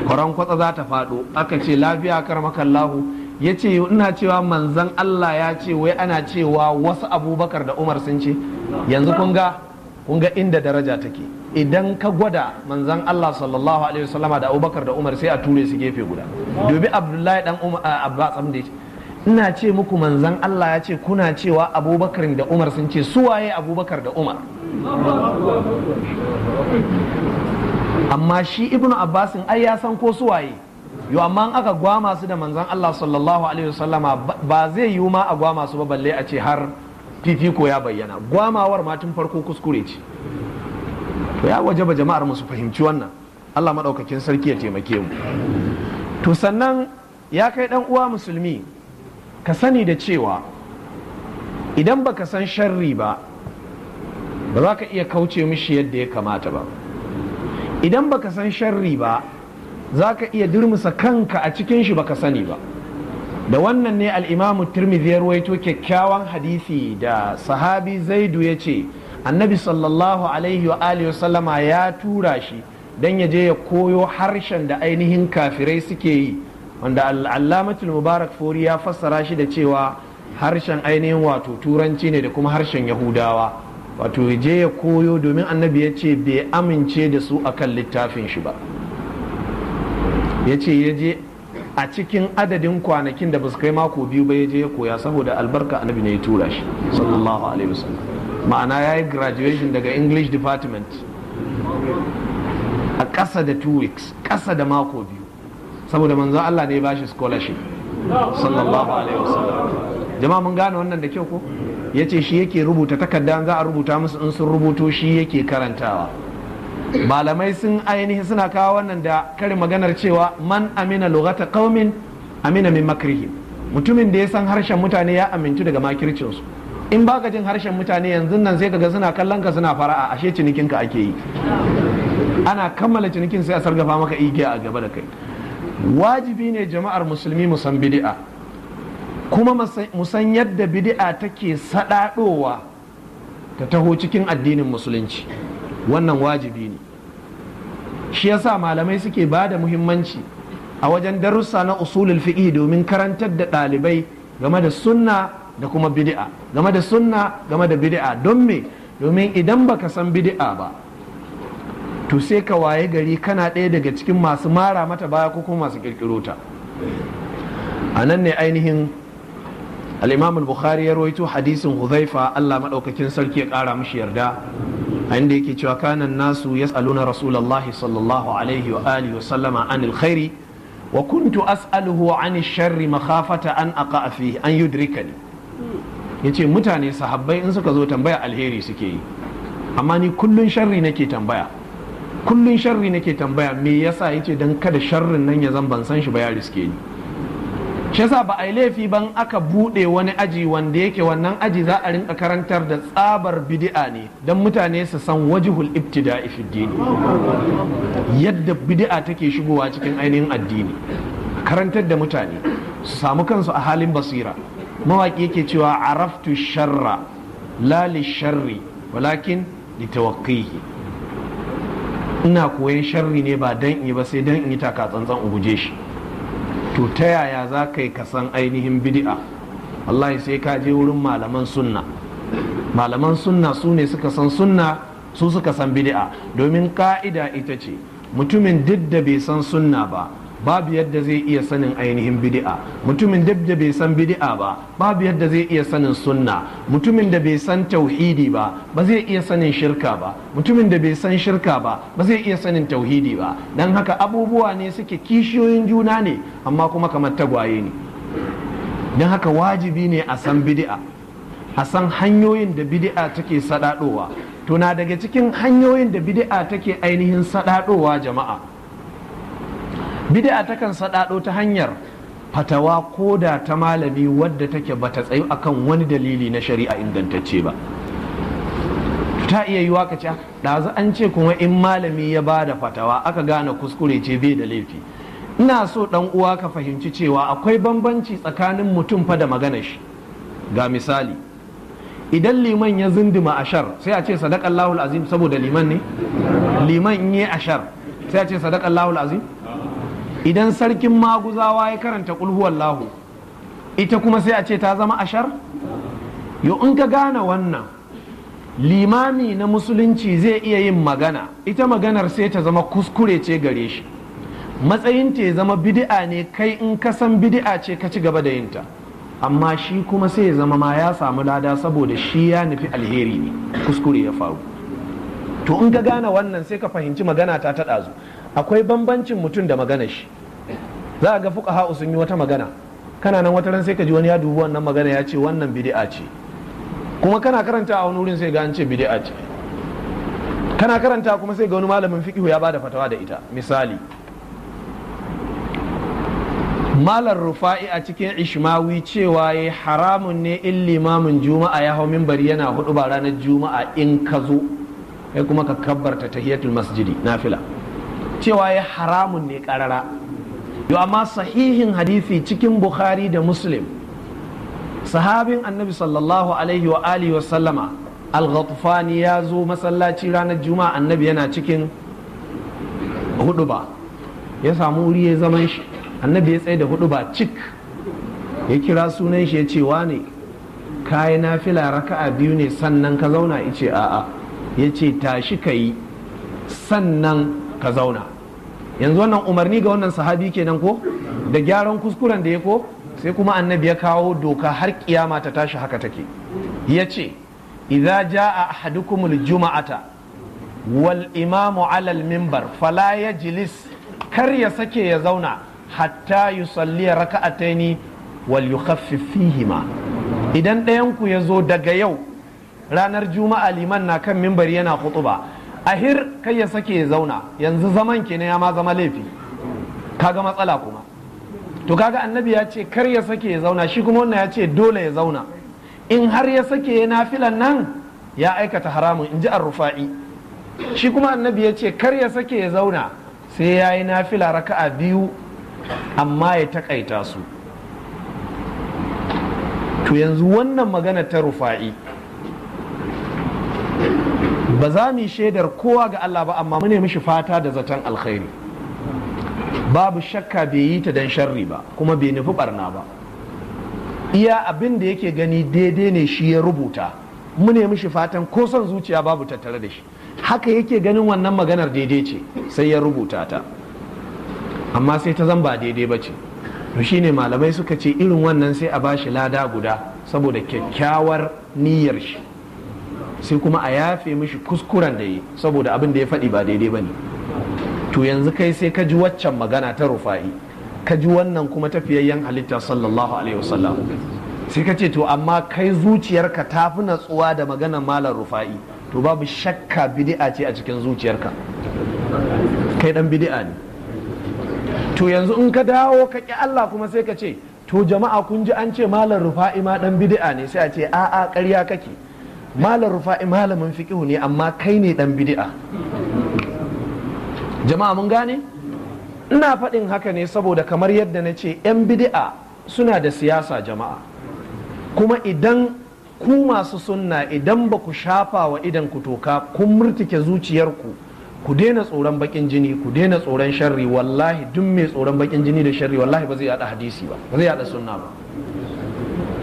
kwaran kwatsa za ta faɗo aka ce lafiya kar makallahu ya ce ina cewa manzan allah ya ce wai ana cewa wasu abubakar da umar sun ce yanzu kun inda daraja take idan ka gwada manzan Allah sallallahu alaihi wasallama da Abubakar da Umar sai a ture su gefe guda dobi Abdullahi dan Umar Abbas da ina ce muku manzan Allah ya ce kuna cewa Abubakar da Umar sun ce su waye Abubakar da Umar amma shi Ibn Abbas ai ya san ko su waye yo amma aka gwama su da manzan Allah sallallahu alaihi wasallama ba zai yiwu ma a gwama su ba balle a ce har fifiko ya bayyana gwamawar ma tun farko kuskure ce to ya waje ba jama'ar mu su fahimci wannan Allah maɗaukakin sarki ya taimake mu to sannan ya kai ɗan uwa musulmi ka sani da cewa idan baka san sharri ba ba za ka iya kauce mishi yadda ya kamata ba idan baka san sharri ba za ka iya durmusa kanka a cikin shi baka sani ba da wannan ne al'imamu turmi ya kyakkyawan hadisi da sahabi zaidu ya ce annabi sallallahu alaihi wa alihi sallama ya tura shi don ya je ya koyo harshen da ainihin kafirai suke yi wanda al'amatul mubarak fori ya fassara shi da cewa harshen ainihin wato turanci ne da kuma harshen yahudawa wato ya je ya koyo domin annabi ya ce bai amince da su akan littafin shi ba ya ce ya je a cikin adadin kwanakin da ba su kai mako biyu ba ya je ya koya saboda albarka annabi ne ya tura shi sallallahu alaihi wasallam ma'ana ya yi graduation daga english department a ƙasa da two weeks ƙasa da mako biyu saboda manzo Allah ne ya bashi scholarship sallallahu alaihi wasallam jama'a mun gane wannan da kyau ko ya ce shi yake rubuta takarda za a rubuta musu in sun rubuto shi yake karantawa malamai sun ainihi suna kawo wannan da karin maganar cewa man amina lugata qaumin amina min makrihim mutumin da ya san harshen mutane ya amintu daga makircinsu in baka jin harshen mutane yanzu nan sai kaga suna kallon ka suna fara'a ashe cinikin ka ake yi ana kammala cinikin sai a sargafa maka igiya a gaba da kai wajibi ne jama'ar musulmi musan bid'a kuma musan yadda bidi'a take sadadowa ta taho cikin addinin musulunci wannan wajibi ne shi yasa malamai suke ba da muhimmanci a wajen darussa na usulul fiqh domin karantar da ɗalibai game da sunna da kuma bid'a game da sunna game da bid'a don me domin idan baka san bid'a ba to sai ka waye gari kana ɗaya daga cikin masu mara mata baya ko kuma masu kirkiro ta a nan ne ainihin al'imam bukhari ya rawaito hadisin huzaifa Allah madaukakin sarki ya kara mishi yarda a inda yake cewa kanan nasu yas'aluna rasulullahi sallallahu alaihi wa alihi wa sallama an wa kuntu as'aluhu an sharri makhafata an aqa'a fi an yudrikani ya ce mutane sahabbai in suka zo tambaya alheri suke yi amma ni kullun sharri nake tambaya kullun sharri nake tambaya me yasa yace dan kada sharrin nan ya zan ban san shi ba ya riske ni shi sa ba a yi laifi ban aka bude wani aji wanda yake wannan aji za a rinka karantar da tsabar bidi'a ne don mutane su san wajihul ibtida'i fi yadda bidi'a take shigowa cikin ainihin addini karantar da mutane su samu kansu a halin basira Mawaƙi yake cewa araftu sharra la sharri walakin litawaqqihi ina koyan sharri ne ba dan yi ba sai dan in yi taka tsantsan guje shi to ta yaya za ka yi ka san ainihin bid'a wallahi sai ka je wurin malaman sunna malaman sunna su ne suka san sunna su suka san bid'a domin ka'ida ita ce mutumin duk da bai san sunna ba babu yadda zai iya sanin ainihin bid'a mutumin da bai san bid'a ba babu yadda zai iya sanin sunna mutumin da bai san tauhidi ba ba zai iya sanin shirka ba mutumin da bai san shirka ba ba zai iya sanin tauhidi ba dan haka abubuwa ne suke kishiyoyin juna ne amma kuma kamar tagwaye ne dan haka wajibi ne a san bid'a a san hanyoyin da bid'a take sadadowa to na daga cikin hanyoyin da bid'a take ainihin sadadowa jama'a bid'a takan saɗaɗo ta hanyar fatawa ko da ta malami wadda take bata tsayu akan wani dalili na shari'a ingantacce ba ta iya yiwa ka ce ah, ɗazu an ce kuma in malami ya ba da fatawa aka gane kuskure ce bai da laifi ina so ɗan uwa ka fahimci cewa akwai bambanci tsakanin mutum fa da maganar shi ga misali idan liman ya zinduma ashar sai a ce sadakallahu azim saboda liman ne liman in yi ashar sai a ce sadakallahu azim idan sarkin maguzawa ya karanta kulhuwallahu ita kuma sai a ce ta zama ashar yo in ka gane wannan limami na musulunci zai iya yin magana ita maganar sai ta zama kuskure ce gare shi matsayin ta ya zama bid'a ne kai in ka san bid'a ce ka ci gaba da yinta amma shi kuma sai ya zama ma ya samu lada saboda shi ya nufi alheri ne kuskure ya faru to in ka gane wannan sai ka fahimci magana ta ta ɗazu akwai bambancin mutum da magana shi za a ga ha'u sun yi wata magana kana nan wata ran sai ka ji wani ya dubi wannan magana ya ce wannan bid'a ce kuma kana karanta a wani wurin sai ga an ce bid'a ce kana karanta kuma sai ga wani malamin fiqh ya bada fatawa da ita misali malar rufa'i a cikin ishmawi cewa ya haramun ne in limamin juma'a ya hau minbari yana hudu ba ranar juma'a in ka zo kai kuma ka kabbarta tahiyatul masjidi nafila fila cewa ya haramun ne karara yau amma sahihin hadisi cikin bukhari da muslim sahabin annabi sallallahu alaihi wa alihi wa sallama al-ghatfani ya zo masallaci ranar juma'a annabi yana cikin hudu ba ya samu wuri ya zaman shi annabi ya tsaye da hudu ba cik ya kira sunan shi ya ce wane kayi na fila raka'a biyu ne sannan ka zauna ya ce a'a ya ce tashi ka yi sannan ka zauna yanzu wannan umarni ga wannan sahabi kenan ko da gyaran kuskuren da ya ko sai kuma annabi ya kawo doka har kiyama ta tashi haka take ya ce idza jaa ahadukum juma'ata wal imamu mimbar fala yajlis kar ya sake ya zauna hatta yusalli raka'ataini wal yukhaffif fihima idan ɗayan ku ya zo daga yau ranar juma'a liman na kan mimbar yana khutuba ahir kai ya sake ya zauna yanzu zaman kenan ya ma zama laifi kaga matsala kuma to kaga annabi ya ce kar ya sake ya zauna shi kuma wannan ya ce dole ya zauna in har ya sake ya nafilan nan ya aikata haramun in ji rufa'i shi kuma annabi ya ce kar ya sake ya zauna sai ya yi nafila raka'a biyu amma ya takaita su to yanzu wannan magana ta rufa'i ba za mu yi shaidar kowa ga Allah ba amma mune mishi fata da zaton alkhairi babu shakka bai yi ta dan sharri ba kuma bai nufi barna ba iya abin da yake gani daidai ne shi ya rubuta Mune mishi fatan ko son zuciya babu tattare da shi haka yake ganin wannan maganar daidai ce sai ya rubuta ta amma sai ta zan ba daidai ba ce to shine malamai suka ce irin wannan sai a bashi lada guda saboda kyakkyawar niyyar shi sai kuma a yafe mishi kuskuren da yi saboda abin da ya faɗi ba daidai ba ne to yanzu kai sai ka ji waccan magana ta rufa'i ka ji wannan kuma tafiyayyen halitta sallallahu alaihi wasallam sai ka ce to amma kai zuciyarka ta fi natsuwa da maganar malar rufa'i to babu shakka bidi'a ce a cikin zuciyarka kai dan bidi'a ne to yanzu in ka dawo ka ƙi Allah kuma sai ka ce to jama'a kun ji an ce malar rufa'i ma dan bidi'a ne sai a ce a'a ƙarya kake malar rufa'i malamin fiƙihu ne amma kai ne ɗan bidi'a. jama'a mun gane ina faɗin haka ne saboda kamar yadda na ce 'yan bidi'a suna da siyasa jama'a kuma idan ku masu sunna idan ba ku shafa wa idan ku toka kun murtike zuciyarku ku daina tsoron bakin jini ku daina tsoron sharri wallahi duk mai tsoron bakin jini da sharri wallahi ba zai yada hadisi ba ba zai yada sunna ba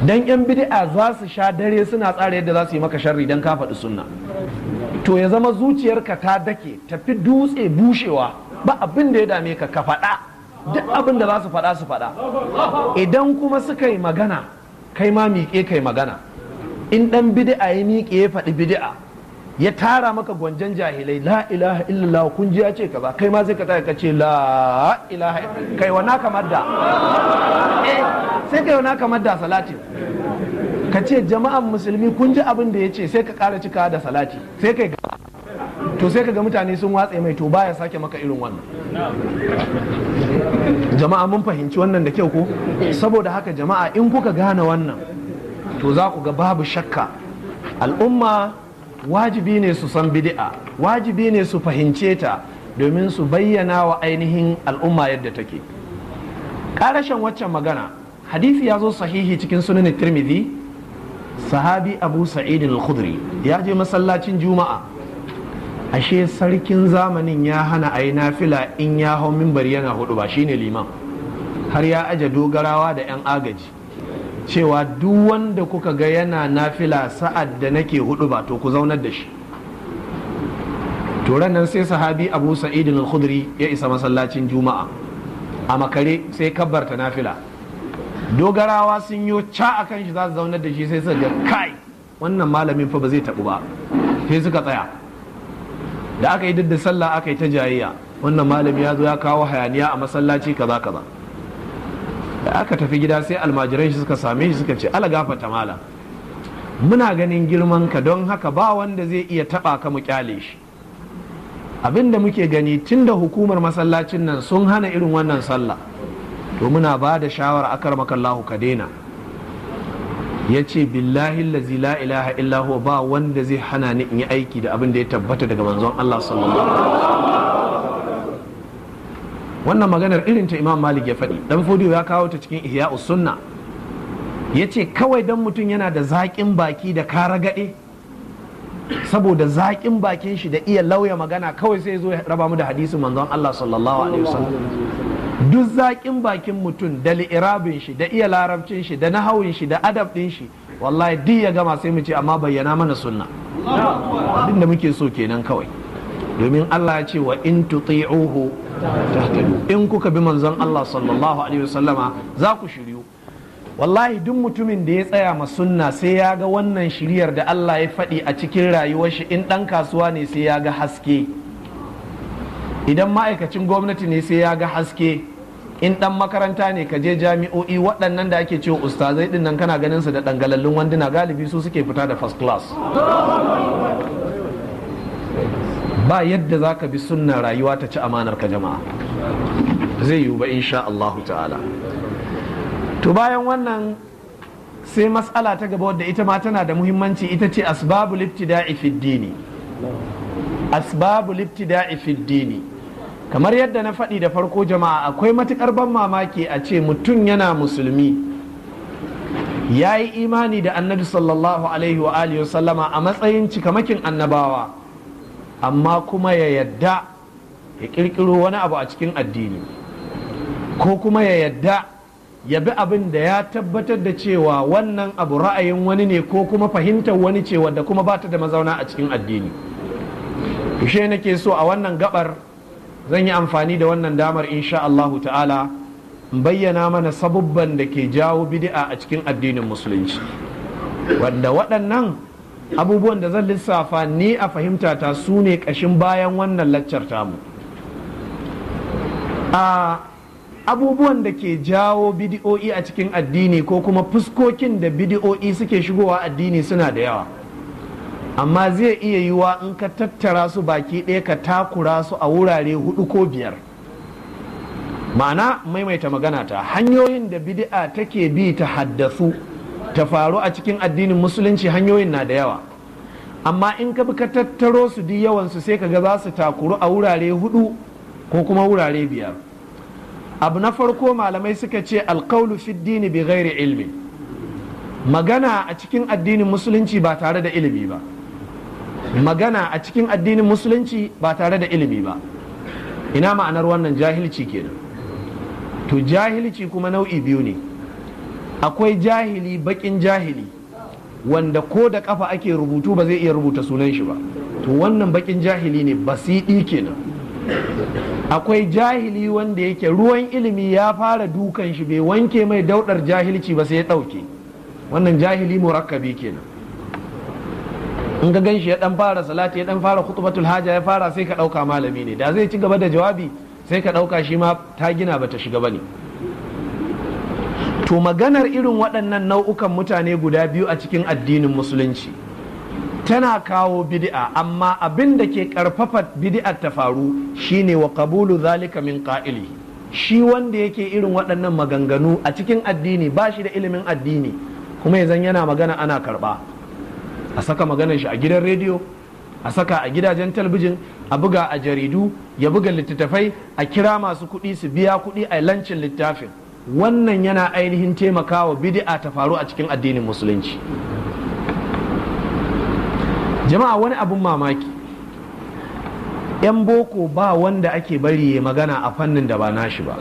dan yan bid'a za su sha dare suna tsara yadda za su yi maka sharri dan ka faɗi sunna to ya zama zuciyarka ta dake tafi dutse bushewa ba abin da ya dame ka ka faɗa duk abin da za su faɗa su faɗa idan kuma suka yi magana kai ma miƙe kai magana in dan bid'a ya miƙe ya faɗi bid'a ya tara maka gwanjan jahilai la ilaha illallah kun ji ya ce ba. kai ma sai ka tsaya ka ce la ilaha kai wa naka madda da. Eh, sai kai wa naka madda salati ka ce jama'an musulmi kun ji abin da ya ce sai ka ƙara cika da salati sai kai to sai ka ga mutane sun watse mai to baya sake maka irin wannan jama'a mun fahimci wannan da kyau ko saboda haka jama'a in kuka gane wannan to za ku ga babu shakka al'umma wajibi ne su san bid'a wajibi ne su fahimce ta domin su bayyana wa ainihin al'umma yadda take karashen waccan magana hadisi ya zo sahihi cikin sunan tirmidhi sahabi abu sa'id al-khudri ya je masallacin juma'a ashe sarkin zamanin ya hana a yi nafila in ya hau mimbar yana hudu ba shine liman har ya aje dogarawa da 'yan agaji cewa duk wanda kuka ga yana nafila sa'ad da nake hudu ba to ku zaunar da shi turan nan sai sahabi abu sa'id al-khudri ya isa masallacin juma'a a makare sai kabbarta nafila dogarawa sun yi ca a kan shi za su zaunar da shi sai suka ga kai wannan malamin fa ba zai tabu ba sai suka tsaya da aka yi duk da sallah aka yi ta jayayya wannan malami ya zo ya kawo hayaniya a masallaci kaza kaza da aka tafi gida sai almajiran shi suka same shi suka ce ala gafata mala muna ganin girman ka don haka ba wanda zai iya taba ka mu kyale shi abin da muke gani tun da hukumar masallacin nan sun hana irin wannan sallah to muna ba da shawara akar makallahu ka daina ya ce billahi lazi la ilaha illahu ba wanda zai hana ni in yi aiki da abin da ya tabbata daga manzon Allah sallallahu alaihi wannan maganar irin ta imam malik ya faɗi ɗan fodiyo ya kawo ta cikin ihya sunna ya ce kawai dan mutum yana da zaƙin baki da kara gaɗe saboda zaƙin bakin shi da iya lauya magana kawai sai zo ya raba mu da hadisi manzon Allah sallallahu alaihi wasallam duk zaƙin bakin mutum da li'irabin shi da iya larabcin shi da nahawin shi da adab ɗin shi wallahi duk ya gama sai mu ce amma bayyana mana sunna abinda muke so kenan kawai domin Allah ya ce wa in tuti'uhu in kuka bi manzon Allah sallallahu alaihi wasallama za ku shiryu wallahi duk mutumin da ya tsaya ma sunna sai ya ga wannan shiryar da Allah ya faɗi a cikin rayuwar shi in ɗan kasuwa ne sai ya ga haske idan ma'aikacin gwamnati ne sai ya ga haske in ɗan makaranta ne ka je jami'o'i waɗannan da ake cewa ustazai ɗin nan kana ganin su da ɗangalallun wanduna galibi su suke fita da first class ba yadda za ka bi sunna rayuwa ta ci amanar ka jama'a zai yiwu ba insha Allah ta'ala to bayan wannan sai matsala ta gaba wadda ita ma tana da muhimmanci ita ce asbabu Lifti Da'ifin dini asbabu dini kamar yadda na faɗi da farko jama'a akwai matukar ban mamaki a ce mutum yana musulmi ya yi imani da annabi sallallahu alaihi wa alihi sallama a matsayin cikamakin annabawa amma kuma ya yadda ya kirkiro wani abu a cikin addini ko kuma ya yadda ya bi abin da ya tabbatar da cewa wannan abu ra'ayin wani ne ko kuma fahimtar wani ce wadda kuma ba ta da mazauna a cikin addini kushe nake so a wannan gabar zan yi amfani da wannan damar insha Allahu ta'ala bayyana mana sabubban da ke jawo bidi'a a cikin addinin musulunci wanda waɗannan abubuwan da zan lissafa ni a fahimta ta su ne ƙashin bayan wannan laccar tamu a abubuwan da ke jawo bidiyo'i a cikin addini ko kuma fuskokin da bidiyo'i suke shigowa addini suna da yawa amma zai iya yiwa in ka tattara su baki ɗaya ka takura su a wurare hudu ko biyar ma'ana maimaita magana ta hanyoyin da bidi'a take bi ta haddasu ta faru a cikin addinin musulunci hanyoyin na da yawa amma in ka bi ka tattaro su di yawansu sai ka ga za su takuru a wurare hudu ko kuma wurare biyar abu na farko malamai suka ce alkaulu fiddini bi ghairi ilmi magana a cikin addinin musulunci ba tare da ilimi ba magana a cikin addinin musulunci ba tare da ilimi ba ina ma'anar wannan jahilci kenan to jahilci kuma nau'i biyu ne akwai jahili bakin jahili wanda ko da kafa ake rubutu ba zai iya rubuta sunan shi ba to wannan bakin jahili ne basidi kenan akwai jahili wanda yake ruwan ilimi ya fara dukan shi bai wanke mai daudar jahilci ba sai ya dauke wannan jahili murakkabi kenan in ga ganshi ya dan fara salati ya dan fara khutbatul haja ya fara sai ka dauka malami ne da zai ci gaba da jawabi sai ka dauka shi ma ta gina bata shiga bane ne to maganar irin waɗannan nau'ukan mutane guda biyu a cikin addinin musulunci tana kawo bidi'a, amma abin da ke karfafa bidi'a ta faru shine wa qabulu zalika min qa'ili shi wanda yake irin waɗannan maganganu a cikin addini ba shi da ilimin addini kuma yanzu yana magana ana karɓa. a saka maganar shi a gidan rediyo a saka a gidajen talbijin a buga a jaridu ya buga littattafai a kira masu kuɗi su biya kuɗi a lancin littafin wannan yana ainihin taimakawa bid'a ta faru a cikin addinin musulunci jama'a wani abun mamaki 'yan boko ba wanda ake bari ya magana a fannin da ba nashi ba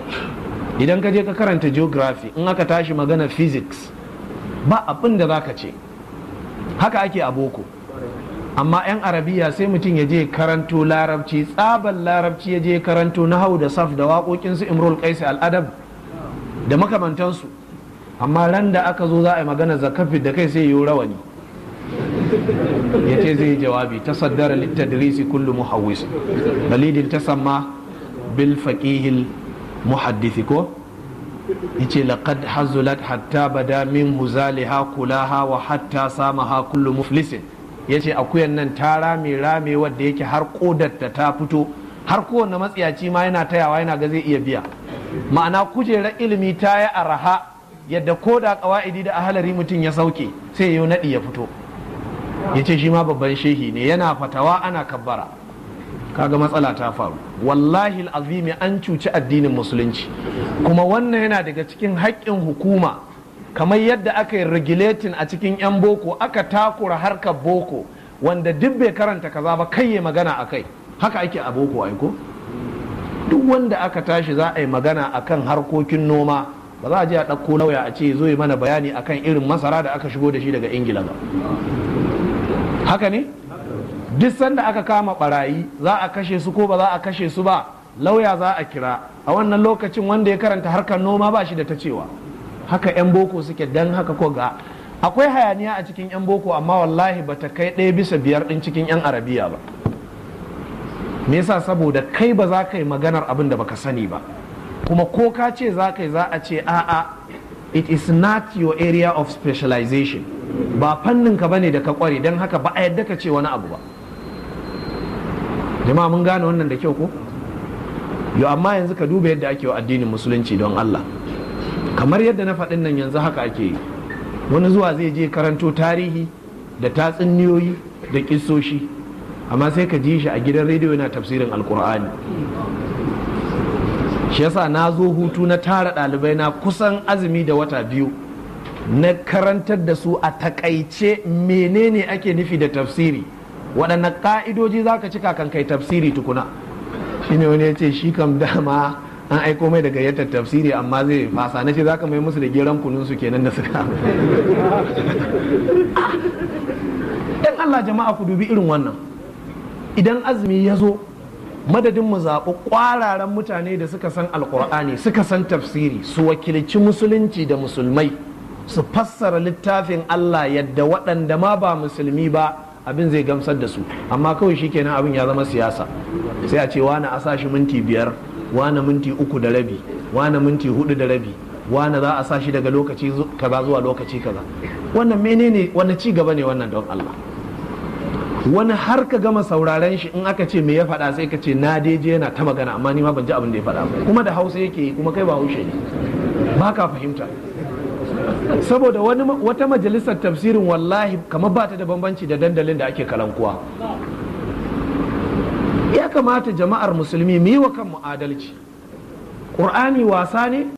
idan ka je ka karanta geography in aka tashi magana physics ba abin da za ka ce haka ake a boko amma 'yan arabiya sai mutum ya je karanto larabci tsaban larabci ya je karanto na hau da saf da waƙoƙinsu imrul kaisi al'adab da makamantansu amma ran da aka zo za a yi magana zakafi da kai sai yi rawani ya ce zai jawabi ta saddara littadrisi kullu muhawwis balidin ta samma bil faqihil muhaddisi ko ce laqad hazulat hatta bada min kula ha wa hatta samaha kullu muflisin ce akuyan nan ta rame rame wadda yake har kodarta ta fito har kowanne matsiyaci ma yana tayawa yana ga zai iya biya ma'ana kujerar ilimi ta yi araha yadda ko da kawa'idi da ahalari mutum ya sauke sai yau naɗi ya fito ya ce shi ma babban shehi ne yana fatawa ana kabbara kaga matsala ta faru wallahi azimi an cuci addinin musulunci kuma wannan yana daga cikin haƙƙin hukuma kamar yadda aka yi regulating a cikin 'yan boko aka takura harkar boko wanda duk bai karanta kaza ba kai ya magana a kai haka ake a boko aiko duk wanda aka tashi za a yi magana a kan harkokin noma ba za a je a ɗauko lauya a ce zo yi mana bayani a kan irin masara da aka shigo da shi daga ingila ba haka ne duk sanda aka kama barayi za a kashe su ko ba za a kashe su ba lauya za a kira a wannan lokacin wanda ya karanta harkar noma ba shi da ta cewa haka 'yan boko suke dan haka ko ga akwai hayaniya a cikin 'yan boko amma wallahi ba ta kai ɗaya bisa biyar ɗin cikin 'yan arabiya ba me yasa saboda kai ba za ka yi maganar abin da baka sani ba kuma ko ka ce za ka yi za a ce a'a it is not your area of specialization ba fannin ka bane da ka kware don haka ba a yadda ka ce wani abu ba jama'a mun gane wannan da kyau ko yo amma yanzu ka duba yadda ake wa addinin musulunci don Allah kamar yadda na faɗin nan yanzu haka ake yi wani zuwa zai je karanto tarihi da tatsuniyoyi da kisoshi amma sai ka ji shi a gidan rediyo yana tafsirin alkur'ani shi yasa na zo hutu na tara ɗalibai na kusan azumi da wata biyu na karantar da su a takaice menene ake nufi da tafsiri waɗannan ƙa'idoji za ka cika kan kai tafsiri tukuna ne wani ya ce shi kam dama an aiko mai da gayyatar tafsiri amma zai fasa na ce za ka mai musu da geran kunun su kenan da suka dan Allah jama'a ku dubi irin wannan idan azumi ya zo madadin mu zaɓi ƙwararren mutane da suka san alƙur'ani suka san tafsiri su wakilci musulunci da musulmai su fassara littafin Allah yadda waɗanda ma ba musulmi ba abin zai gamsar da su amma kawai shi kenan abin ya zama siyasa sai a ce wani a sashi minti biyar wani minti uku da rabi wani minti hudu da rabi wani za a sashi daga lokaci kaza zuwa lokaci kaza wannan menene wani ci gaba ne wannan don Allah wani har ka gama sauraren shi in aka ce me ya faɗa sai ka ce na deji yana ta magana amma ni ma ban ji abin da ya faɗa ba kuma da hausa yake yi kuma kai ba haushe ne ba ka fahimta saboda wata majalisar tafsirin wallahi kamar ba ta da bambanci da dandalin da ake kalankuwa ya kamata jama'ar musulmi mu yi wa kanmu adalci ƙur'ani wasa ne